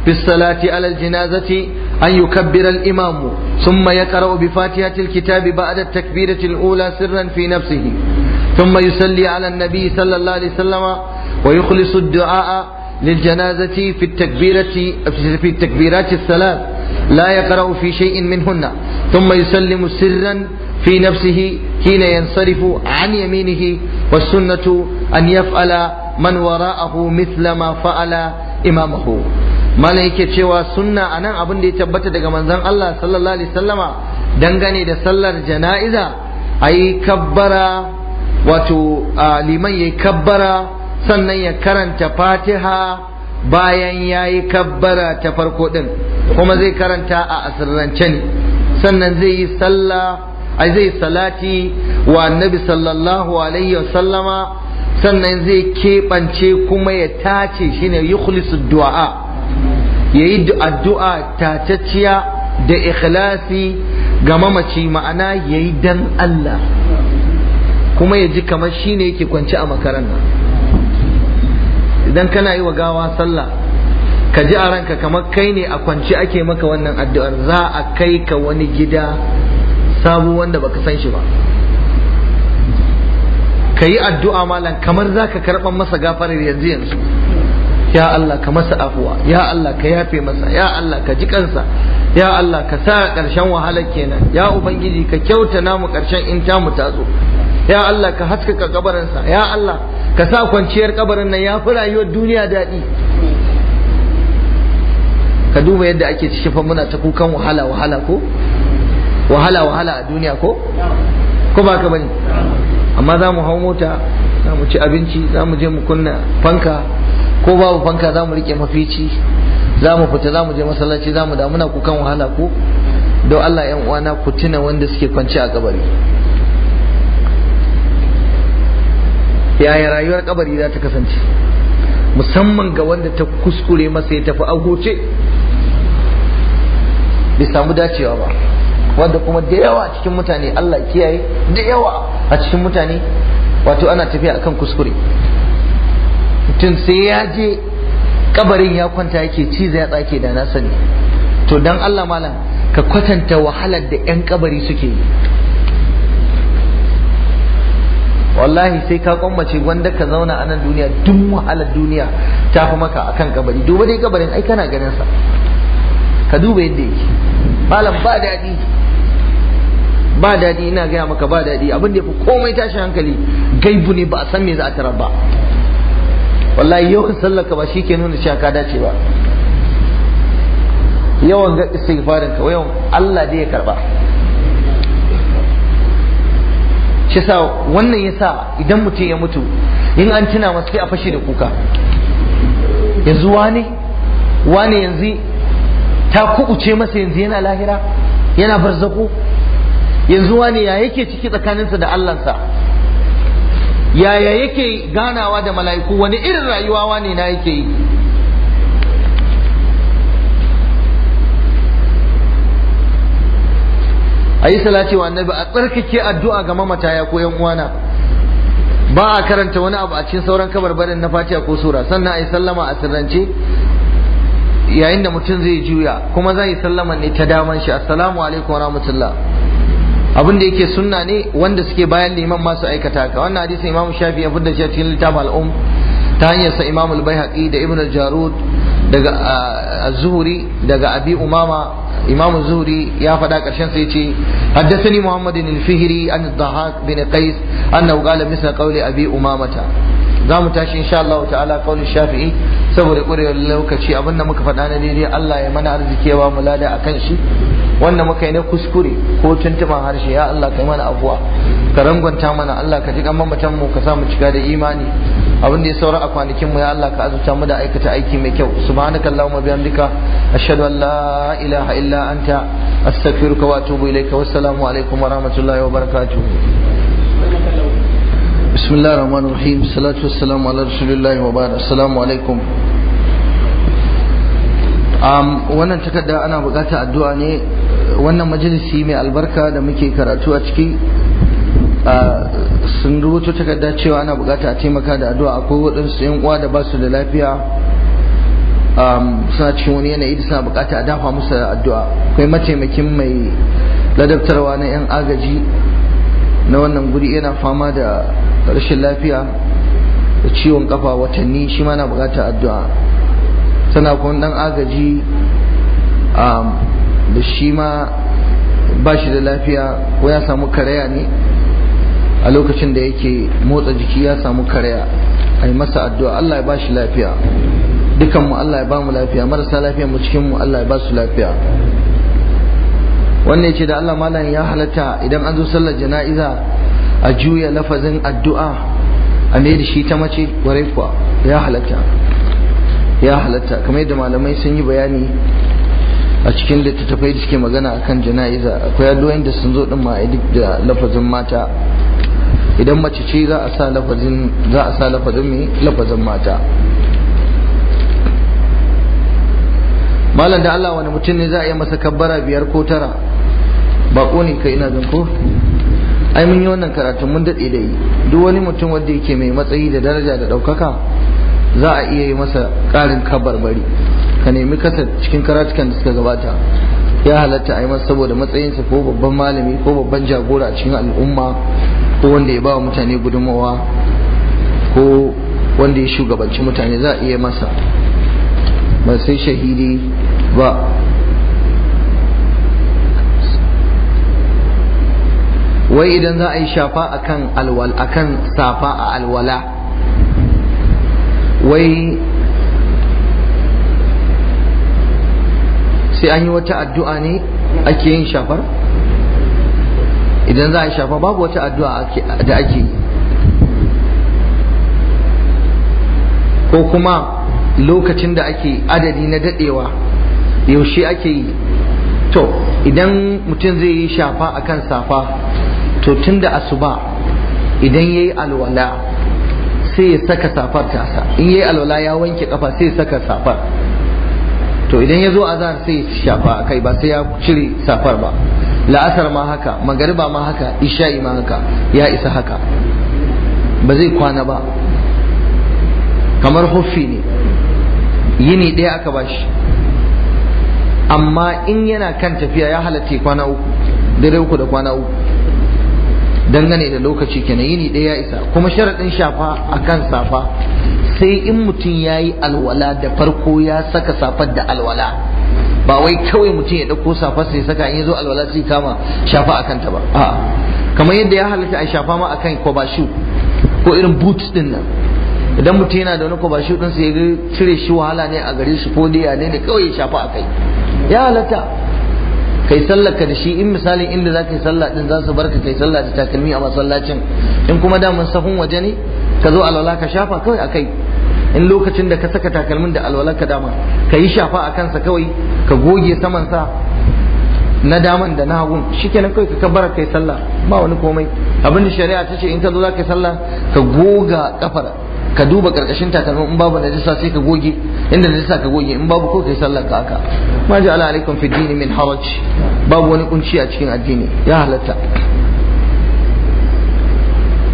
fi salati ala al-janazati an yukabbira al-imamu thumma yaqra'u bi fatihati al-kitabi ba'da at-takbirati al-ula sirran fi nafsihi ثم يصلي على النبي صلى الله wa وسلم ويخلص الدعاء للجنازة في التكبيرة في التكبيرات الثلاث لا يقرأ في شيء منهن ثم يسلم سرا في نفسه حين ينصرف عن يمينه والسنة أن يفعل من وراءه مثل ما فعل إمامه malam yake cewa sunna a nan abin da ya tabbata daga manzon Allah sallallahu alaihi sallama dangane da sallar jana'iza a yi kabbara wato liman ya kabbara sannan ya karanta fatiha bayan ya yi kabbara ta farko ɗin kuma zai karanta a asirrance ne sannan zai yi sallah ai zai salati wa annabi sallallahu alaihi wasallama sannan zai keɓance kuma ya tace shi shine yukhlisu du'a yayi addu'a tatacciya da ikhlasi ga mamaci ma'ana ya yi dan Allah kuma ya ji kamar ne yake kwance a makaranta. idan kana yi wa gawa sallah ka ji a ranka kamar kai ne a kwance ake maka wannan addu'ar za a kai ka wani gida sabu wanda baka san shi ba ka yi addu'a malam kamar za ka karɓar masa gafarar yanzu yanzu ya Allah ka masa afuwa ya Allah ka yafe masa ya Allah ka ji kansa ya Allah ka sa ƙarshen wahalar kenan ya ubangiji ka kyauta namu ƙarshen in ta mu tazo ya Allah ka haskaka kabarinsa ya Allah ka sa kwanciyar kabarin nan ya fi rayuwar duniya daɗi ka duba yadda ake cikin fa muna ta kukan wahala wahala ko wahala wahala a duniya ko ko ba ka bane amma za mu hau mota za mu ci abinci za mu je mu kunna fanka ko babu fanka za mu rike mafici za mu fita za mu je masallaci za mu da muna kukan wahala ko don Allah yan uwana ku tuna wanda suke kwanci a kabari yaya rayuwar kabari za ta kasance musamman ga wanda ta kuskure masa ya tafi agoce bai samu dacewa ba wanda kuma da yawa a cikin mutane Allah kiyaye da yawa a cikin mutane wato ana tafiya akan kuskure mutum sai ya je kabarin ya kwanta yake ciza ya tsake da na sani to dan Allah malam ka kwatanta wahalar da 'yan kabari suke yi wallahi sai ka kwammace wanda ka zauna a nan duniya duk wahalar duniya ta fi maka akan kabari duba dai kabarin ai kana ganin sa ka duba yadda yake malam ba daɗi ba daɗi ina gaya maka ba daɗi abin da ya fi komai tashi hankali gaibu ne ba a san me za a tarar ba wallahi yawan sallar ka ba shi ke nuna cewa ka dace ba yawan ga istighfarin ka yawan Allah dai ya karba shi sa wannan ya sa idan mutum ya mutu in an tuna masu sai a fashe da kuka yanzu wane wane yanzu ta kubuce masa yanzu yana lahira yana barzako yanzu wane ya yake ciki tsakaninsa da allansa yaya yake ganawa da mala'iku wani irin rayuwa wane na yake yi a yi salati wa annabi a tsarkake addu'a ga mamata ya ko yan uwana ba a karanta wani abu a cikin sauran kabarbarin na fatiha ko sura sannan a yi sallama a sirrance yayin da mutum zai juya kuma zai sallama ne ta daman shi assalamu alaikum wa rahmatullah abin da yake sunna ne wanda suke bayan liman masu aikata ka wannan hadisin Imam shafi ya fidda shi a cikin littafin al'um ta hanyar sa Imam al-baihaqi da ibn jarud daga zuhuri daga abi umama imam zuhuri ya faɗa ƙarshen sai ce haddathani muhammadin al-fihri an dhahak bin qais annahu qala misla qawli abi umamata za mu tashi insha Allah ta'ala kauli shafi'i saboda kurewar lokaci abinda muka faɗa na daidai Allah ya mana arziki ya mu lada kan shi Wannan muka yi na kuskure ko tuntuban harshe ya Allah yi mana afuwa ka rangwanta mana Allah ka ji kan mamatan mu ka samu cika da imani abin da ya saura a kwanakin mu ya Allah ka azurta mu da aikata aiki mai kyau subhanakallahumma bihamdika ashhadu an la ilaha illa anta astaghfiruka wa atubu ilayka wassalamu alaikum wa rahmatullahi wa barakatuh بسم الله الرحمن الرحيم الصلاة والسلام على رسول الله وبعد السلام عليكم um, wannan takarda ana bukata addu'a ne wannan majalisi mai albarka da muke karatu a ciki uh, sun rubuta takarda cewa ana bukata a taimaka da addu'a akwai wadansu yan uwa da basu da lafiya um, suna cikin wani yanayi da suna bukata a dafa musu addu'a akwai mataimakin mai ladabtarwa na yan agaji na wannan guri yana fama da rashin lafiya da ciwon kafa watanni shi ma na bukatar addu'a sana kuma dan agaji um, da shi ma ba shi da lafiya ko ya samu karaya ne a lokacin da yake motsa jiki ya samu karaya a yi masa addu'a Allah ya ba shi lafiya dukanmu Allah ya ba mu lafiya marasa lafiya mu cikinmu Allah ya ba su lafiya wannan ce da Allah malam ya halatta idan an zo sallar jana'iza a juya lafazin addu'a a mai da shi ta mace warai kuwa ya halatta ya halatta kamar yadda malamai sun yi bayani a cikin littattafai da suke magana akan jana'iza akwai addu'o'in da sun zo din ma duk da lafazin mata idan mace ce za a sa lafazin za a sa lafazin mai lafazin mata malam da Allah wani mutum ne za a yi masa kabbara biyar ko tara bako ne ka ina zan ko ai mun yi wannan karatu mun daɗe da yi duk wani mutum wanda yake mai matsayi da daraja da ɗaukaka za a iya yi masa ƙarin kabarbari ka nemi kasa cikin karatukan da suka gabata ya halatta a yi masa saboda matsayinsa ko babban malami ko babban jagora a cikin al'umma ko wanda ya ba wa mutane gudunmawa ko wanda ya shugabanci mutane za a iya masa ba sai shahidi ba wai idan za a yi shafa akan alwal akan safa a alwala wai sai an yi wata addu'a ne ake yin shafar idan za a yi shafa babu wata addu'a da ake ko kuma lokacin da ake adadi na dadewa yaushe ake yi to idan mutum zai yi shafa akan safa to tun da asuba idan ya yi alwala sai ya saka safar tasa in ya yi alwala ya wanke kafa sai ya saka safar to idan ya zo azar sai ya shafa a kai ba sai ya cire safar ba la'asar ma haka magariba ma haka isha'i ma haka ya isa haka ba zai kwana ba kamar huffi ne yini ɗaya aka shi. amma in yana kan tafiya ya halatta kwana uku dare uku da kwana uku dangane da lokaci kenan yini ɗaya ya isa kuma sharaɗin shafa akan safa sai in mutum ya yi alwala da farko ya saka safar da alwala ba wai kawai mutum ya ɗauko safar sai saka in ya zo alwala sai kama shafa akan ta ba a'a kamar yadda ya halatta a shafa ma akan kwabashu ko irin boots din nan idan mutum yana da wani kwabashu din sai ya cire shi wahala ne a gare shi ko dai ne kawai ya shafa akai ya halatta kai sallar ka da shi in misalin inda za ka yi sallah din za su bar ka kai sallah da takalmi a masallacin in kuma damun sahun waje ne ka zo alwala ka shafa kawai akai in lokacin da ka saka takalmin da alwala ka dama ka yi shafa a kansa kawai ka goge saman sa na daman da na hagun shikenan kawai ka kabbara kai sallah ba wani komai abin da shari'a ta ce in ka zo za ka yi sallah ka goga kafar ka duba karkashin takalmin in babu najasa sai ka goge inda najasa ka goge in babu ko kai sallar ka haka ma ala alaikum fi dini min haraj babu wani kunci a cikin addini ya halatta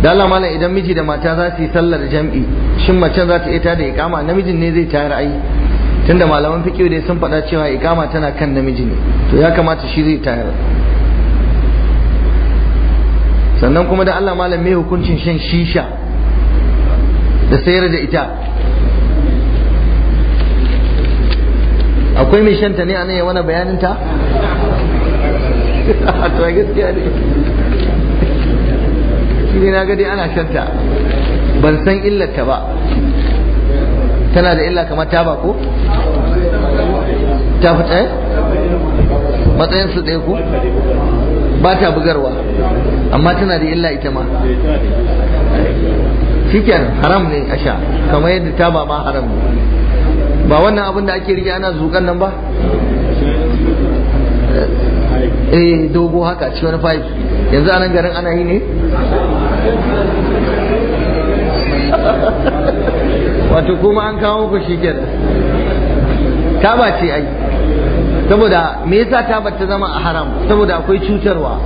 da Allah malam idan miji da mata za su yi sallar jam'i shin macen za ta ta da ikama namijin ne zai tayar ai tunda malaman fiqh dai sun faɗa cewa ikama tana kan namiji ne to ya kamata shi zai tayar sannan kuma da Allah malam me hukuncin shan shisha da sayar da ita akwai mai shanta ne a nan ya wani bayaninta? to gaskiya ne shi ne na gadi ana shanta ban san illata ba tana da illa kamar ta ko? ta fita matsayin su ɗaya ku ba ta bugarwa amma tana da illa ita ma shikenan haram ne a sha kamar yadda taba ma haram ne ba wannan abin da ake rike ana zukan nan ba eh dogo haka ci wani five yanzu anan garin ana yi ne wato kuma an kawo ku shikenan taba ce ai saboda me yasa taba ta zama a haram saboda akwai cutarwa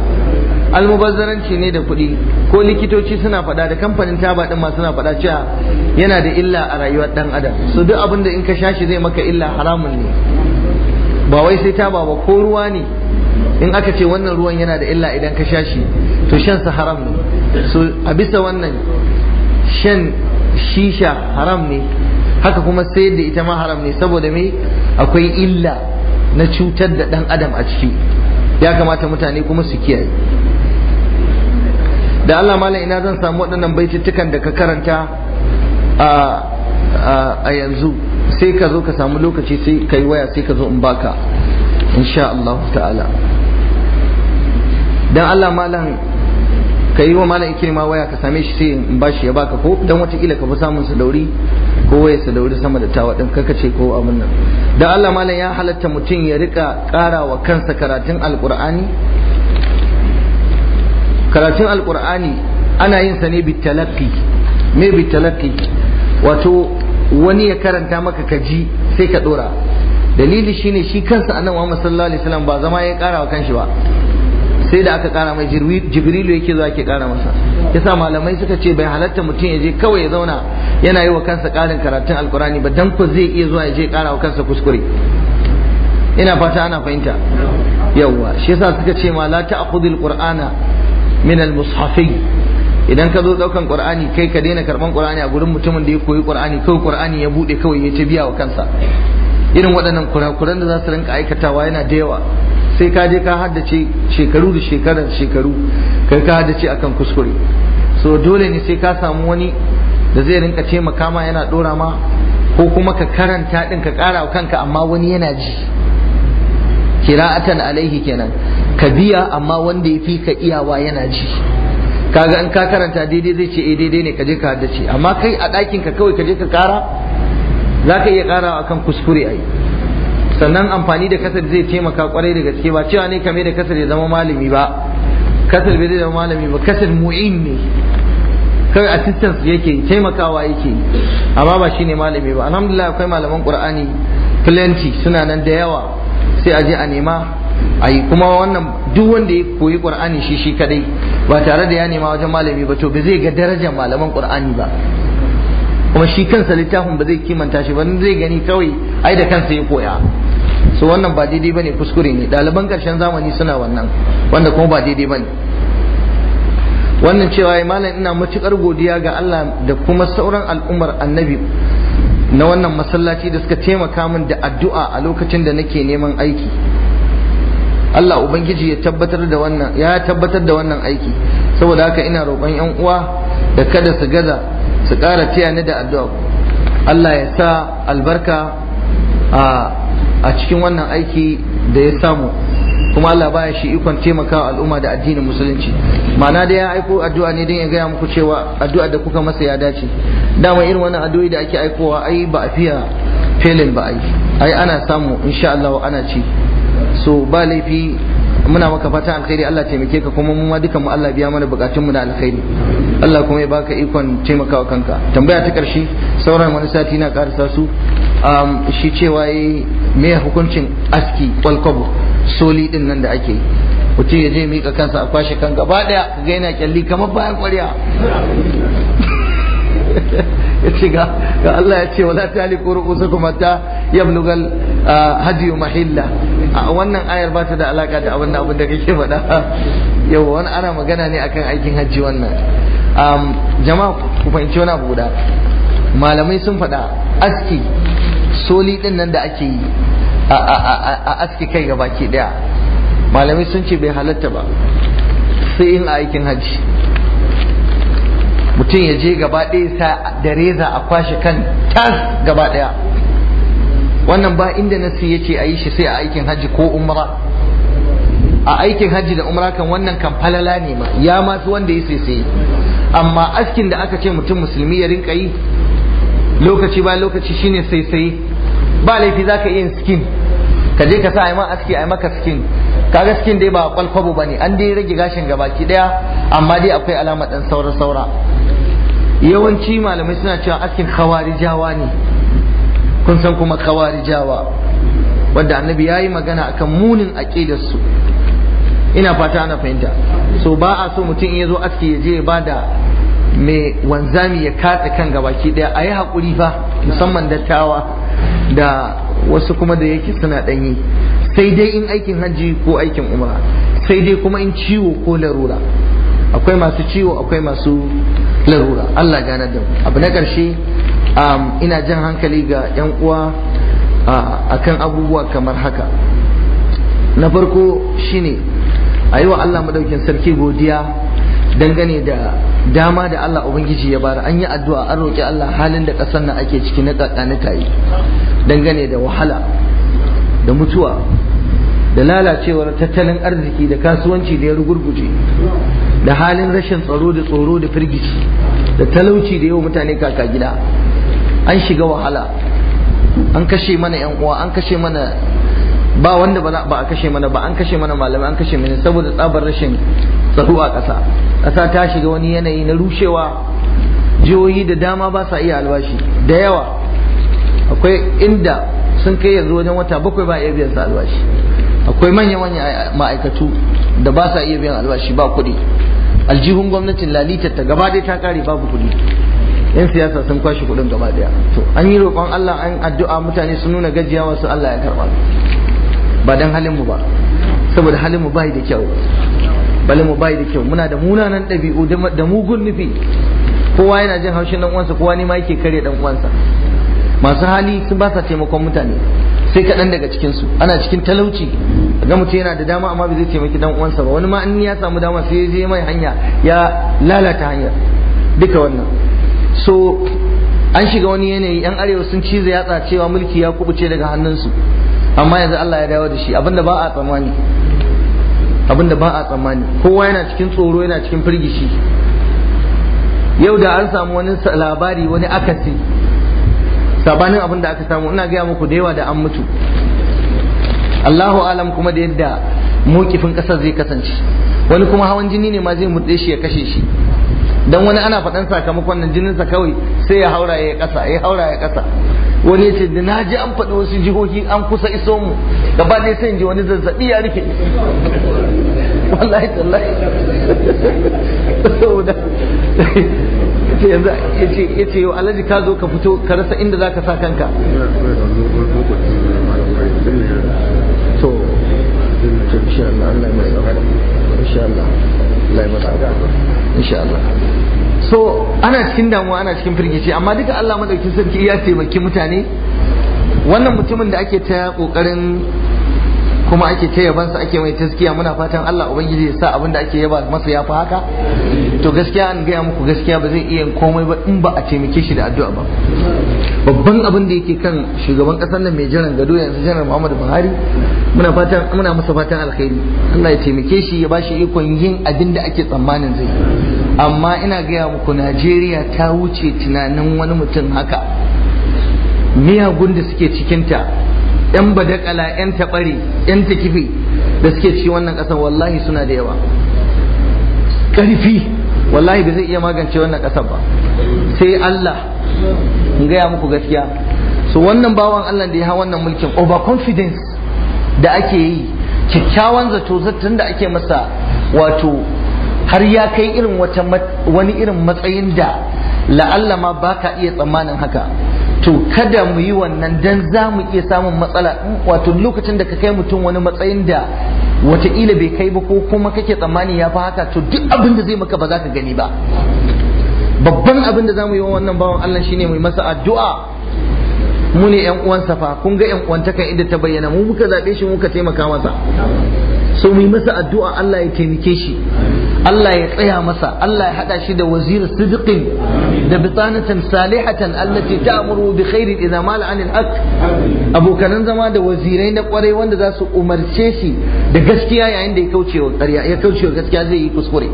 almubazzaranci ne da kuɗi ko likitoci suna faɗa da kamfanin taba ɗin ma suna faɗa cewa yana da illa a rayuwar ɗan adam su duk abin da in ka sha shi zai maka illa haramun ne ba wai sai taba ba ko ruwa ne in aka ce wannan ruwan yana da illa idan ka sha shi to shan sa haram ne su a bisa wannan shan shisha haram ne haka kuma sayar da ita ma haram ne saboda me akwai illa na cutar da ɗan adam a ciki ya kamata mutane kuma su kiyaye da Allah malam ina zan samu waɗannan baitittukan da ka karanta a yanzu sai ka zo ka samu lokaci sai ka yi waya sai ka zo in baka insha Allah ta'ala dan Allah malam ka yi wa malam ikirma waya ka same shi sai in bashi ya baka ko dan watakila ka fi samun su dauri ko waya su dauri sama da tawa din kaka ce ko abin nan dan Allah malam ya halatta mutum ya rika ƙara wa kansa karatun alqur'ani karatun alkur'ani ana yin sa ne bitalaki me bitalaki wato wani ya karanta maka ka ji sai ka dora dalili shine shi kansa annabi Muhammad sallallahu alaihi wasallam ba zama ya kara wa kanshi ba sai da aka kara mai jibrilu yake zuwa ke kara masa yasa malamai suka ce bai halatta mutum ya je kawai ya zauna yana yi wa kansa karin karatun alkurani ba dan ku zai iya zuwa ya je kara wa kansa kuskure ina fata ana fahimta yawwa shi yasa suka ce ma la ta'khudhil qur'ana min al idan ka zo daukan qur'ani kai ka daina karban qur'ani a gurin mutumin da ya koyi qur'ani kai qur'ani ya bude kawai ya ta biya wa kansa irin waɗannan kurakuran da za su rinka aikatawa yana da yawa sai ka je ka haddace shekaru da shekarar shekaru kai ka haddace akan kuskure so dole ne sai ka samu wani da zai rinka ce makama yana dora ma ko kuma ka karanta din ka kara kanka amma wani yana ji kira'atan alaihi kenan ka biya amma wanda ya fi ka iyawa yana ji kaga in ka karanta daidai zai ce eh daidai ne ka je ka haddace amma kai a ɗakin ka kawai ka je ka kara za ka iya kara akan kuskure ai sannan amfani da kasar zai taimaka kwarai da gaske ba cewa ne kame da kasar ya zama malami ba kasar bai zama malami ba kasar mu'in ne kawai assistance yake taimakawa yake amma ba shine malami ba alhamdulillah akwai malaman qur'ani plenty suna nan da yawa sai a je a nema ai kuma wannan duk wanda ya koyi qur'ani shi shi kadai ba tare da ya nema wajen malami ba to ba zai ga darajar malaman qur'ani ba kuma shi kansa littafin ba zai kimanta shi ba zai gani kawai ai da kansa ya koya so wannan ba daidai bane kuskure ne ɗaliban karshen zamani suna wannan wanda kuma ba daidai bane wannan cewa malam ina matukar godiya ga Allah da kuma sauran al'ummar annabi na wannan masallaci da suka taimaka min da addu'a a lokacin da nake neman aiki Allah ubangiji ya tabbatar da wannan ya tabbatar da wannan aiki saboda haka ina roƙon ƴan uwa da kada su gaza su ƙara taya ni da addu'a Allah ya sa albarka a cikin wannan aiki da ya samu kuma Allah baya shi ikon taimakawa al'umma da addinin musulunci ma'ana da ya aiko addu'a ne don ya gaya muku cewa addu'a da kuka masa ya dace dama irin wannan addu'o'i da ake aikowa ai ba a fiya felin ba ai ai ana samu insha Allah ana ci so ba laifi muna maka fatan alkhairi Allah taimake ka kuma mu ma dukan mu Allah biya mana bukatun mu na alkhairi Allah kuma ya baka ikon taimakawa kanka tambaya ta karshe sauran wani sati na karasa su um, shi cewa yi me hukuncin aski kwalkwabo soli din nan da ake yi mutum ya je mika kansa a kwashe kan gaba daya ga yana kyalli kamar bayan kwarya ya ce ga Allah ya ce wala taliku ru'usakum ta yablugal uh, hadiyu mahilla a wannan ayar ba ta da alaka da abin da abin da kake faɗa Yau, wani ana magana ne akan aikin hajji wannan jama'a ku fahimci wani abu guda malamai sun faɗa aski soli ɗin nan da ake yi a aski kai ga baki ɗaya malamai sun ce bai halatta ba sai in aikin hajji mutum ya je gaba ɗaya sa da reza a kwashe kan tas gaba ɗaya wannan ba inda nasi ya ce a yi shi sai a aikin hajji ko umra a aikin hajji da umra kan wannan kan falala ne ma ya masu wanda ya sai amma askin da aka ce mutum musulmi ya rinka yi lokaci ba lokaci shine sai sai ba laifi za ka yin skin ka je ka sa a yi ma aski a yi maka skin ga skin dai ba kwalkwabo ba ne an dai rage gashin baki daya amma dai akwai alama dan saura saura yawanci malamai suna cewa askin khawarijawa ne kun san kuma kawarijawa wadda annabi ya yi magana a kan munin su ina fata ana fahimta so ba a so mutum ya zo aski ya je ya da mai wanzami ya katse kan gabaki daya a yi haƙuri fa musamman dattawa da wasu kuma da yake suna ɗanyi sai dai in aikin hajji ko aikin umra sai dai kuma in ciwo ko larura akwai masu ciwo akwai masu larura Allah gana da abu na ƙarshe Um, ina jan hankali ga 'yan uwa akan abubuwa kamar haka na farko shine a yi wa Allah madaukin sarki godiya dangane da dama da Allah Ubangiji ya bara an yi addu'a an roƙi Allah halin da ƙasar nan ake ciki na ƙaƙani tayi dangane da wahala da mutuwa da lalacewar tattalin arziki da kasuwanci da ya rugurguje da halin rashin tsaro da tsoro da firgici da talauci da yawa mutane kaka gida an shiga wahala an kashe mana yan uwa an kashe mana ba wanda ba a kashe mana ba an kashe mana malamai an kashe mana saboda tsabar rashin tsaro a ƙasa ƙasa ta shiga wani yanayi na rushewa jihohi da dama ba sa iya albashi da yawa akwai inda sun kai yanzu wajen wata bakwai ba iya biyan sa albashi akwai manya-manya ma'aikatu da ba sa iya biyan albashi ba kuɗi aljihun gwamnatin lalitar ta gaba dai ta kare babu kuɗi yan siyasa sun kwashe kuɗin gaba ɗaya to an yi roƙon Allah an addu'a mutane su nuna gajiya wasu Allah ya karɓa ba dan halin mu ba saboda halin mu bai da kyau bale mu bai da kyau muna da munanan ɗabi'u da mugun nufi kowa yana jin haushin dan uwansa kowa ne ma yake kare dan uwansa masu hali sun ba sa taimakon mutane sai kaɗan daga cikin su ana cikin talauci ga mutum yana da dama amma bai zai taimaki dan uwansa ba wani ma in ya samu dama sai ya je mai hanya ya lalata hanya duka wannan so an shiga wani yanayi yan arewa sun ciza yatsa cewa mulki ya kubuce daga hannunsu amma yanzu Allah ya dawo da shi abinda ba a tsammani abinda ba a tsammani kowa yana cikin tsoro yana cikin firgishi yau da an samu wani labari wani akasi sabanin abin da aka samu ina gaya muku da yawa da an mutu Allahu alam kuma da yadda mokifin kasar zai kasance wani kuma hawan jini ne ma zai mutse shi ya kashe shi dan wani ana faɗan sakamakon nan jininsa kawai sai ya haura ya ƙasa ya haura ya ƙasa wani ya ce da na ji an faɗi wasu jihohi an kusa iso mu gaba ɗaya sai ji wani zazzaɓi ya rike wallahi tallahi saboda yanzu ya ce yau alhaji ka zo ka fito ka rasa inda za ka sa kanka to insha Allah Allah ya mai sauka insha Allah so ana cikin damuwa ana cikin firgici amma duka Allah madaukakin sarki ya taimaki mutane wannan mutumin da ake ta kokarin kuma ake ta yabansa ake mai taskiya muna fatan Allah ubangiji ya sa abin da ake yaba masa ya fi haka to gaskiya an gaya muku gaskiya ba zai iya komai ba in ba a taimake shi da addu'a ba babban abin da yake kan shugaban kasar nan mai jiran gado yanzu janar Muhammadu Buhari muna fatan muna masa fatan alkhairi Allah ya taimake shi ya bashi ikon yin abin da ake tsammanin zai amma ina gaya muku Najeriya ta wuce tunanin wani mutum haka miyagun da suke cikinta yan badakala yan taɓare yan takifi da suke ci wannan ƙasar wallahi suna da yawa ƙarfi wallahi ba zai iya magance wannan ƙasar ba sai Allah in gaya muku gaskiya so wannan bawan Allah da ya ha wannan mulkin overconfidence da ake yi kyakkyawan zato zaton da ake masa wato har ya kai irin wani irin matsayin da la'alla ma baka iya tsammanin haka to kada mu yi wannan dan za mu iya samun matsala wato lokacin da ka kai mutum wani matsayin da wataƙila bai kai ba ko kuma kake tsammani ya fi haka to duk abin da zai maka ba za ka gani ba babban abin da za mu yi wa wannan bawan Allah shine mu yi masa addu'a mu ne yan uwansa fa kun ga yan uwantaka inda ta bayyana mu muka zaɓe shi muka taimaka masa so mu yi masa addu'a Allah ya taimake shi Allah ya tsaya masa Allah ya haɗa shi da wazir sidikin da bitanatan salihatan allati ta'muru bi khairin idza mal anil haqq abokanan zama da wazirai na kwarai wanda za su umarce shi da gaskiya yayin da ya kaucewa ƙarya ya kauce gaskiya zai yi kuskure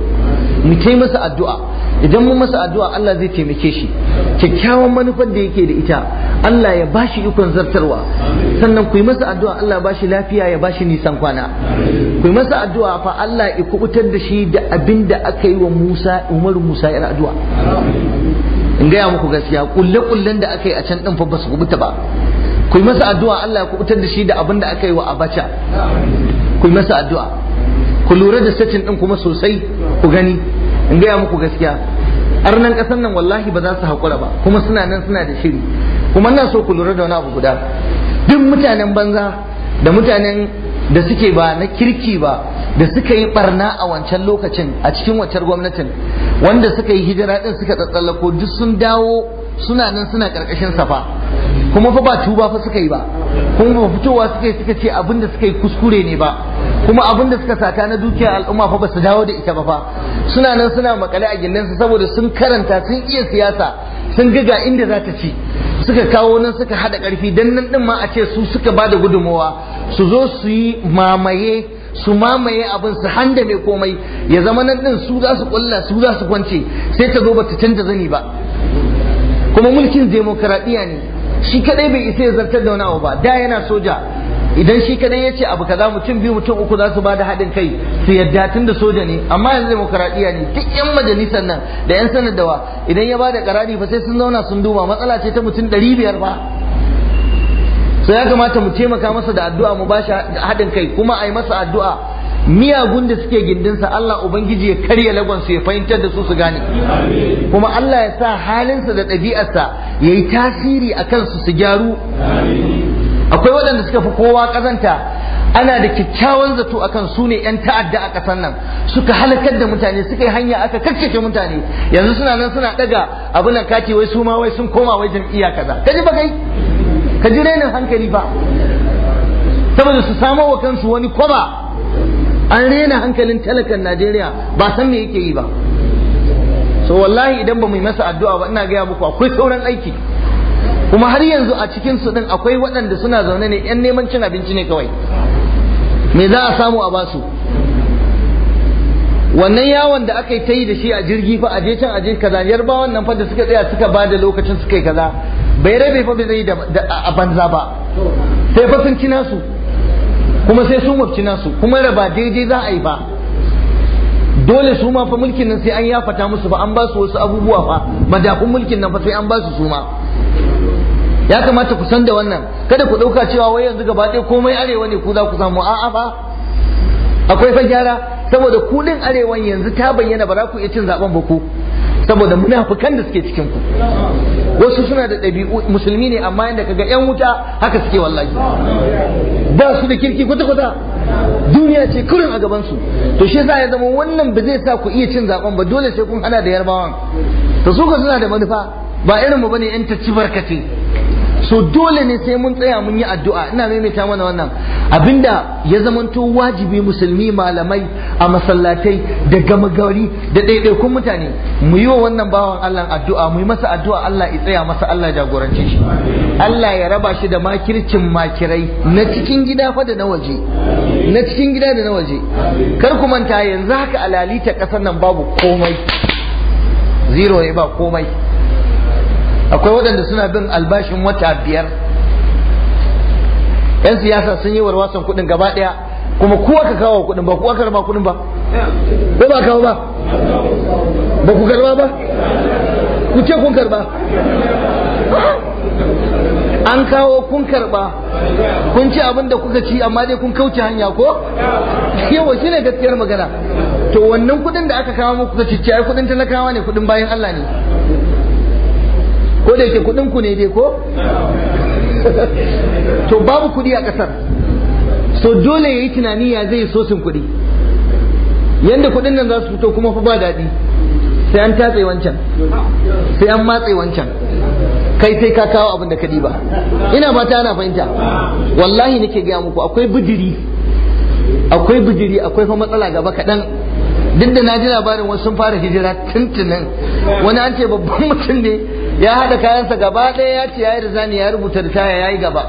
mu kai masa addu'a idan mun masa addu'a Allah zai taimake shi kyakkyawan manufar da yake da ita Allah ya bashi ikon zartarwa sannan ku yi masa addu'a Allah ya bashi lafiya ya bashi nisan kwana ku yi masa addu'a fa Allah ya kubutar da shi da abin da aka yi wa Musa Umaru Musa yar addu'a in gaya muku gaskiya kulle kullen da aka yi a can din fa ba su kubuta ba ku yi masa addu'a Allah ya kubutar da shi da abin da aka yi wa Abacha ku yi masa addu'a ku lura da satin din kuma sosai ku gani in gaya muku gaskiya arnan ƙasar nan wallahi ba za su haƙura ba kuma suna nan suna da shiri kuma nan so ku lura da wani abu guda duk mutanen banza da mutanen da suke ba na kirki ba da suka yi barna a wancan lokacin a cikin wancan gwamnatin wanda suka yi hijira din suka tsatsallako duk sun dawo suna nan suna karkashin safa kuma fa ba tuba fa suka yi ba kuma fitowa suka yi suka ce abinda suka yi kuskure ne ba kuma abin da suka sata na dukiya al'umma fa ba su dawo da ita ba fa suna nan suna makale a gindin su saboda sun karanta sun iya siyasa sun ga inda za ta ci suka kawo nan suka hada karfi dan nan din ma a ce su suka ba da gudummawa su zo su yi mamaye su mamaye abin su handa mai komai ya zama nan din su za su kulla su za su kwance sai ta zo ba ta canza zani ba kuma mulkin demokradiya ne shi kadai bai isa ya zartar da wani abu ba da yana soja idan shi kadai ya ce abu kaza mutum biyu mutum uku za su ba da haɗin kai su yadda tun da soja ne amma yanzu demokaradiyya ne duk yan majalisar nan da yan sanadawa idan ya ba da karari fa sai sun zauna sun duba matsala ce ta mutum ɗari biyar ba sai ya kamata mu taimaka masa da addu'a mu ba shi haɗin kai kuma a yi masa addu'a miyagun da suke gindinsa Allah Ubangiji ya karya lagonsu ya fahimtar da su su gane kuma Allah ya sa halinsa da ɗabi'arsa ya yi tasiri a kansu su gyaru akwai waɗanda suka fi kowa ƙazanta ana da kyakkyawan zato akan su ne 'yan ta'adda a ƙasar nan suka halakar da mutane suka yi hanya aka kakkace mutane yanzu suna nan suna ɗaga abin nan wai su ma wai sun koma wai jam'iyya kaza kaji ba kai ka ji rainin hankali ba saboda su samo wa kansu wani kwaba an rena hankalin talakan Najeriya ba san me yake yi ba so wallahi idan ba mu yi masa addu'a ba ina gaya muku akwai sauran aiki kuma har yanzu a cikin su din akwai waɗanda suna zaune ne yan neman cin abinci ne kawai me za a samu a basu wannan yawon da aka yi ta yi da shi a jirgi fa je can a je kaza yarba wannan fa da suka tsaya suka ba da lokacin suka yi kaza bai rabe fa bai zai da a banza ba sai fa sun cina su kuma sai sun na su. kuma raba daidai za a yi ba dole su ma fa mulkin nan sai an yafata musu ba an ba su wasu abubuwa fa madafun mulkin nan fa sai an ba su su ma ya kamata ku san da wannan kada ku ɗauka cewa wai yanzu gaba ɗaya komai arewa ne ku za ku samu a'a ba akwai fa gyara saboda kuɗin arewan yanzu ta bayyana ba za ku iya cin zaben ba ku saboda munafukan da suke cikin ku wasu suna da ɗabi'u musulmi ne amma yadda kaga yan wuta haka suke wallahi ba su da kirki kwata kwata duniya ce kurin a gaban su to shi yasa ya zama wannan ba zai sa ku iya cin zaben ba dole sai kun hana da yarbawan to su suna da manufa ba irin mu bane yan ta ci barkace To dole ne sai mun tsaya mun yi addu'a ina maimaita mana wannan abinda ya zamanto wajibi musulmi malamai a masallatai da gama gari da ɗaiɗaikun mutane mu yi wa wannan bawan Allah addu'a mu yi masa addu'a Allah ya tsaya masa Allah jagorance shi Allah ya raba shi da makircin makirai na cikin gida fa da na waje na cikin gida da na waje kar ku manta yanzu haka alalita ƙasar nan babu komai zero ne ba komai akwai waɗanda suna bin albashin wata biyar yan siyasa sun yi warwasan kuɗin gaba ɗaya kuma kuwa ka kawo kuɗin ba kuwa karba kuɗin ba ko ba kawo ba ba ku karba ba ku ce kun karba an kawo kun karba kun ci abin da kuka ci amma dai kun kauce hanya ko yawa shi ne gaskiyar magana to wannan kudin da aka kawo muku kuka ci ai na kawo ne kudin bayan Allah ne ko da yake kuɗin ku ne dai ko to babu kuɗi a kasar so dole yayi tunani ya zai sosin kuɗi yanda kuɗin nan za su fito kuma fa ba daɗi sai an tatse wancan sai an matse wancan kai sai ka kawo abin da ka ba ina ta ana fahimta wallahi nake gaya muku akwai bijiri akwai bijiri akwai fa matsala gaba kaɗan duk da na ji labarin wasu sun fara hijira tuntunan wani an ce babban mutum ne ya haɗa kayansa gaba ɗaya ya ce ya yi zani ya rubuta ritaya ya yi gaba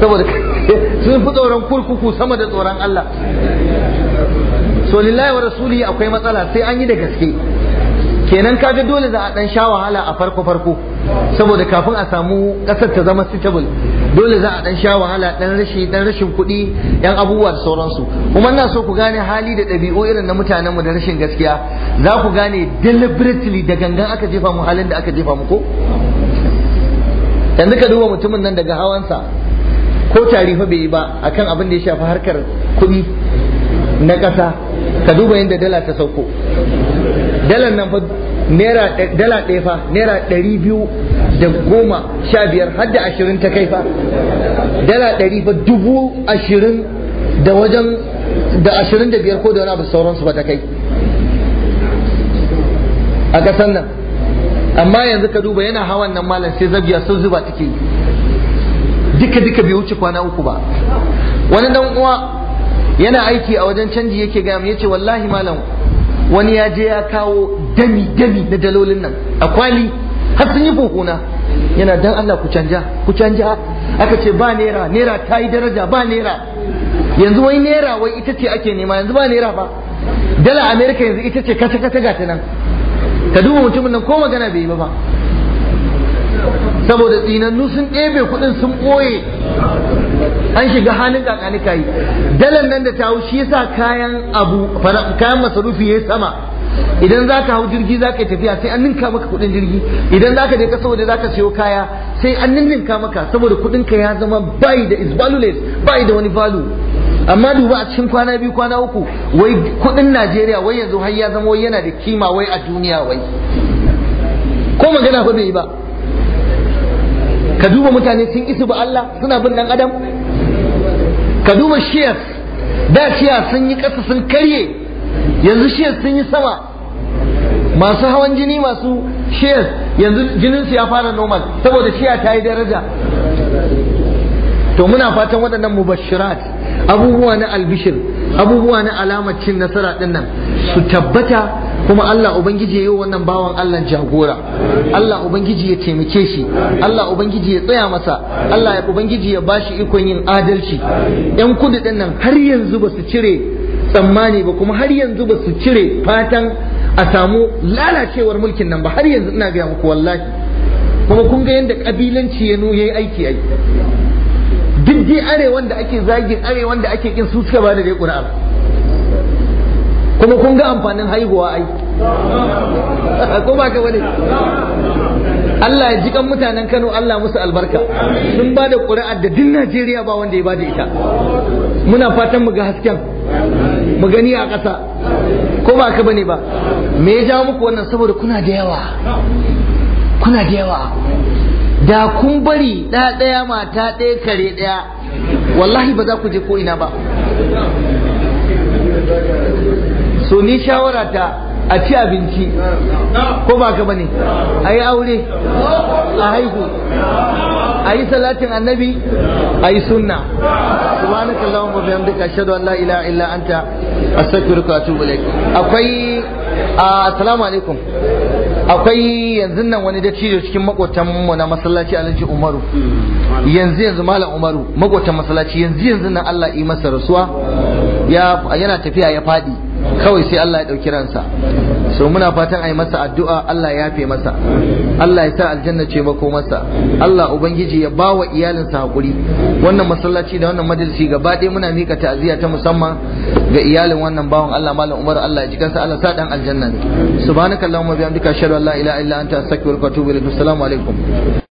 saboda sun fi tsoron kurkuku sama da tsoron Allah so lillahi wa rasuli akwai matsala sai an yi da gaske kenan kaga dole za a ɗan sha wahala a farko farko saboda kafin a samu ƙasar ta zama stable dole za a dan sha wahala dan rashi dan rashin kuɗi yan abubuwa da sauransu kuma ina so ku gane hali da ɗabi'u irin na mutanen mu da rashin gaskiya za ku gane deliberately da gangan aka jefa mu halin da aka jefa mu ko yanzu ka duba mutumin nan daga hawansa ko tarifa bai yi ba akan abin da ya shafi harkar kuɗi na ƙasa ka duba yadda dala ta sauko Dalan nan fa naira dala ɗaya fa naira ɗari biyu da goma sha biyar har da ashirin ta kai fa dala ɗari fa dubu ashirin da wajen da ashirin da biyar ko da wani abu sauransu ba ta kai a ƙasan nan amma yanzu ka duba yana hawan nan malam sai zabiya sun zuba take duka duka bai wuce kwana uku ba wani dan uwa yana aiki a wajen canji yake gaya yace wallahi malam wani ya je ya kawo dami dami na dalolin nan a kwali har sun yi kokona yana dan Allah ku canja ku canja aka ce ba naira naira ta yi daraja ba naira yanzu wai naira wai ita ce ake nema yanzu ba naira ba dala america yanzu ita ce kasa kasa gata nan ka duba mutumin nan ko magana bai yi ba saboda tsinannu sun ɗebe kuɗin sun ɓoye an shiga hannun kakani kayi. dalan nan da ta hau shi yasa kayan abu kayan masarufi yayi sama idan za ka hau jirgi zaka tafiya sai an ninka maka kudin jirgi idan zaka je kasa saboda zaka siyo kaya sai an ninka maka saboda kudin ka ya zama bai da is bai da wani value amma duba a cikin kwana biyu kwana uku wai kudin Najeriya wai yanzu har ya zama wai yana da kima wai a duniya wai ko magana ba bai yi ba ka duba mutane sun isu ba Allah suna bin dan adam ka duba shiyar da shiya sun yi ƙasa sun karye yanzu shiyar sun yi sama masu hawan jini masu shiyar yanzu jininsu ya fara normal saboda shiya ta yi daraja to muna fatan waɗannan mubashirat abubuwa na albishir abubuwa na alamar cin nasara ɗin su tabbata kuma Allah ubangiji ya yi wannan bawan Allah jagora Allah ubangiji ya taimake shi Allah ubangiji ya tsaya masa Allah ya ubangiji ya bashi ikon yin adalci yan kudu ɗin nan har yanzu ba su cire tsammani ba kuma har yanzu ba su cire fatan a samu lalacewar mulkin nan ba har yanzu ina gaya muku wallahi kuma kun ga yadda kabilanci ya yi aiki ai duk dai arewan da ake zagin arewan da ake kin su suka bada dai qur'an kuma kun ga amfanin haihuwa ai ko ba ka bane Allah ya jikan mutanen Kano Allah musu albarka sun ba da ƙuri'ar da duk Najeriya ba wanda ya ba da ita muna fatan mu ga hasken mu gani a ƙasa ko ba ka bane ba me ya jawo muku wannan saboda kuna da yawa kuna da yawa da kun bari ɗa ɗaya mata ɗaya kare ɗaya wallahi ba za ku je ko ina ba so ni shawara ta a ci abinci ko ba ka bane a yi aure a haihu a yi salatin annabi a yi sunna subhanaka allahumma wa bihamdika ashhadu an la ilaha illa anta astaghfiruka wa atubu ilaik akwai assalamu alaikum akwai yanzu nan wani dattijo cikin makotan mu na masallaci alhaji umaru yanzu yanzu malam umaru makotan masallaci yanzu yanzu nan Allah yi masa rasuwa yana tafiya ya faɗi kawai sai Allah ya ɗauki ransa so muna fatan ai masa addu'a Allah ya fe masa Allah ya sa aljanna ce mako masa Allah ubangiji ya ba wa iyalinsa hakuri wannan masallaci da wannan majalisi gaba ɗaya muna mika ta'aziyya ta musamman ga iyalin wannan bawan Allah malam Umar Allah ya ji kansa Allah sa dan aljanna ne subhanakallahumma bihamdika ashhadu an la ilaha illa anta astaghfiruka wa atubu ilaik assalamu alaikum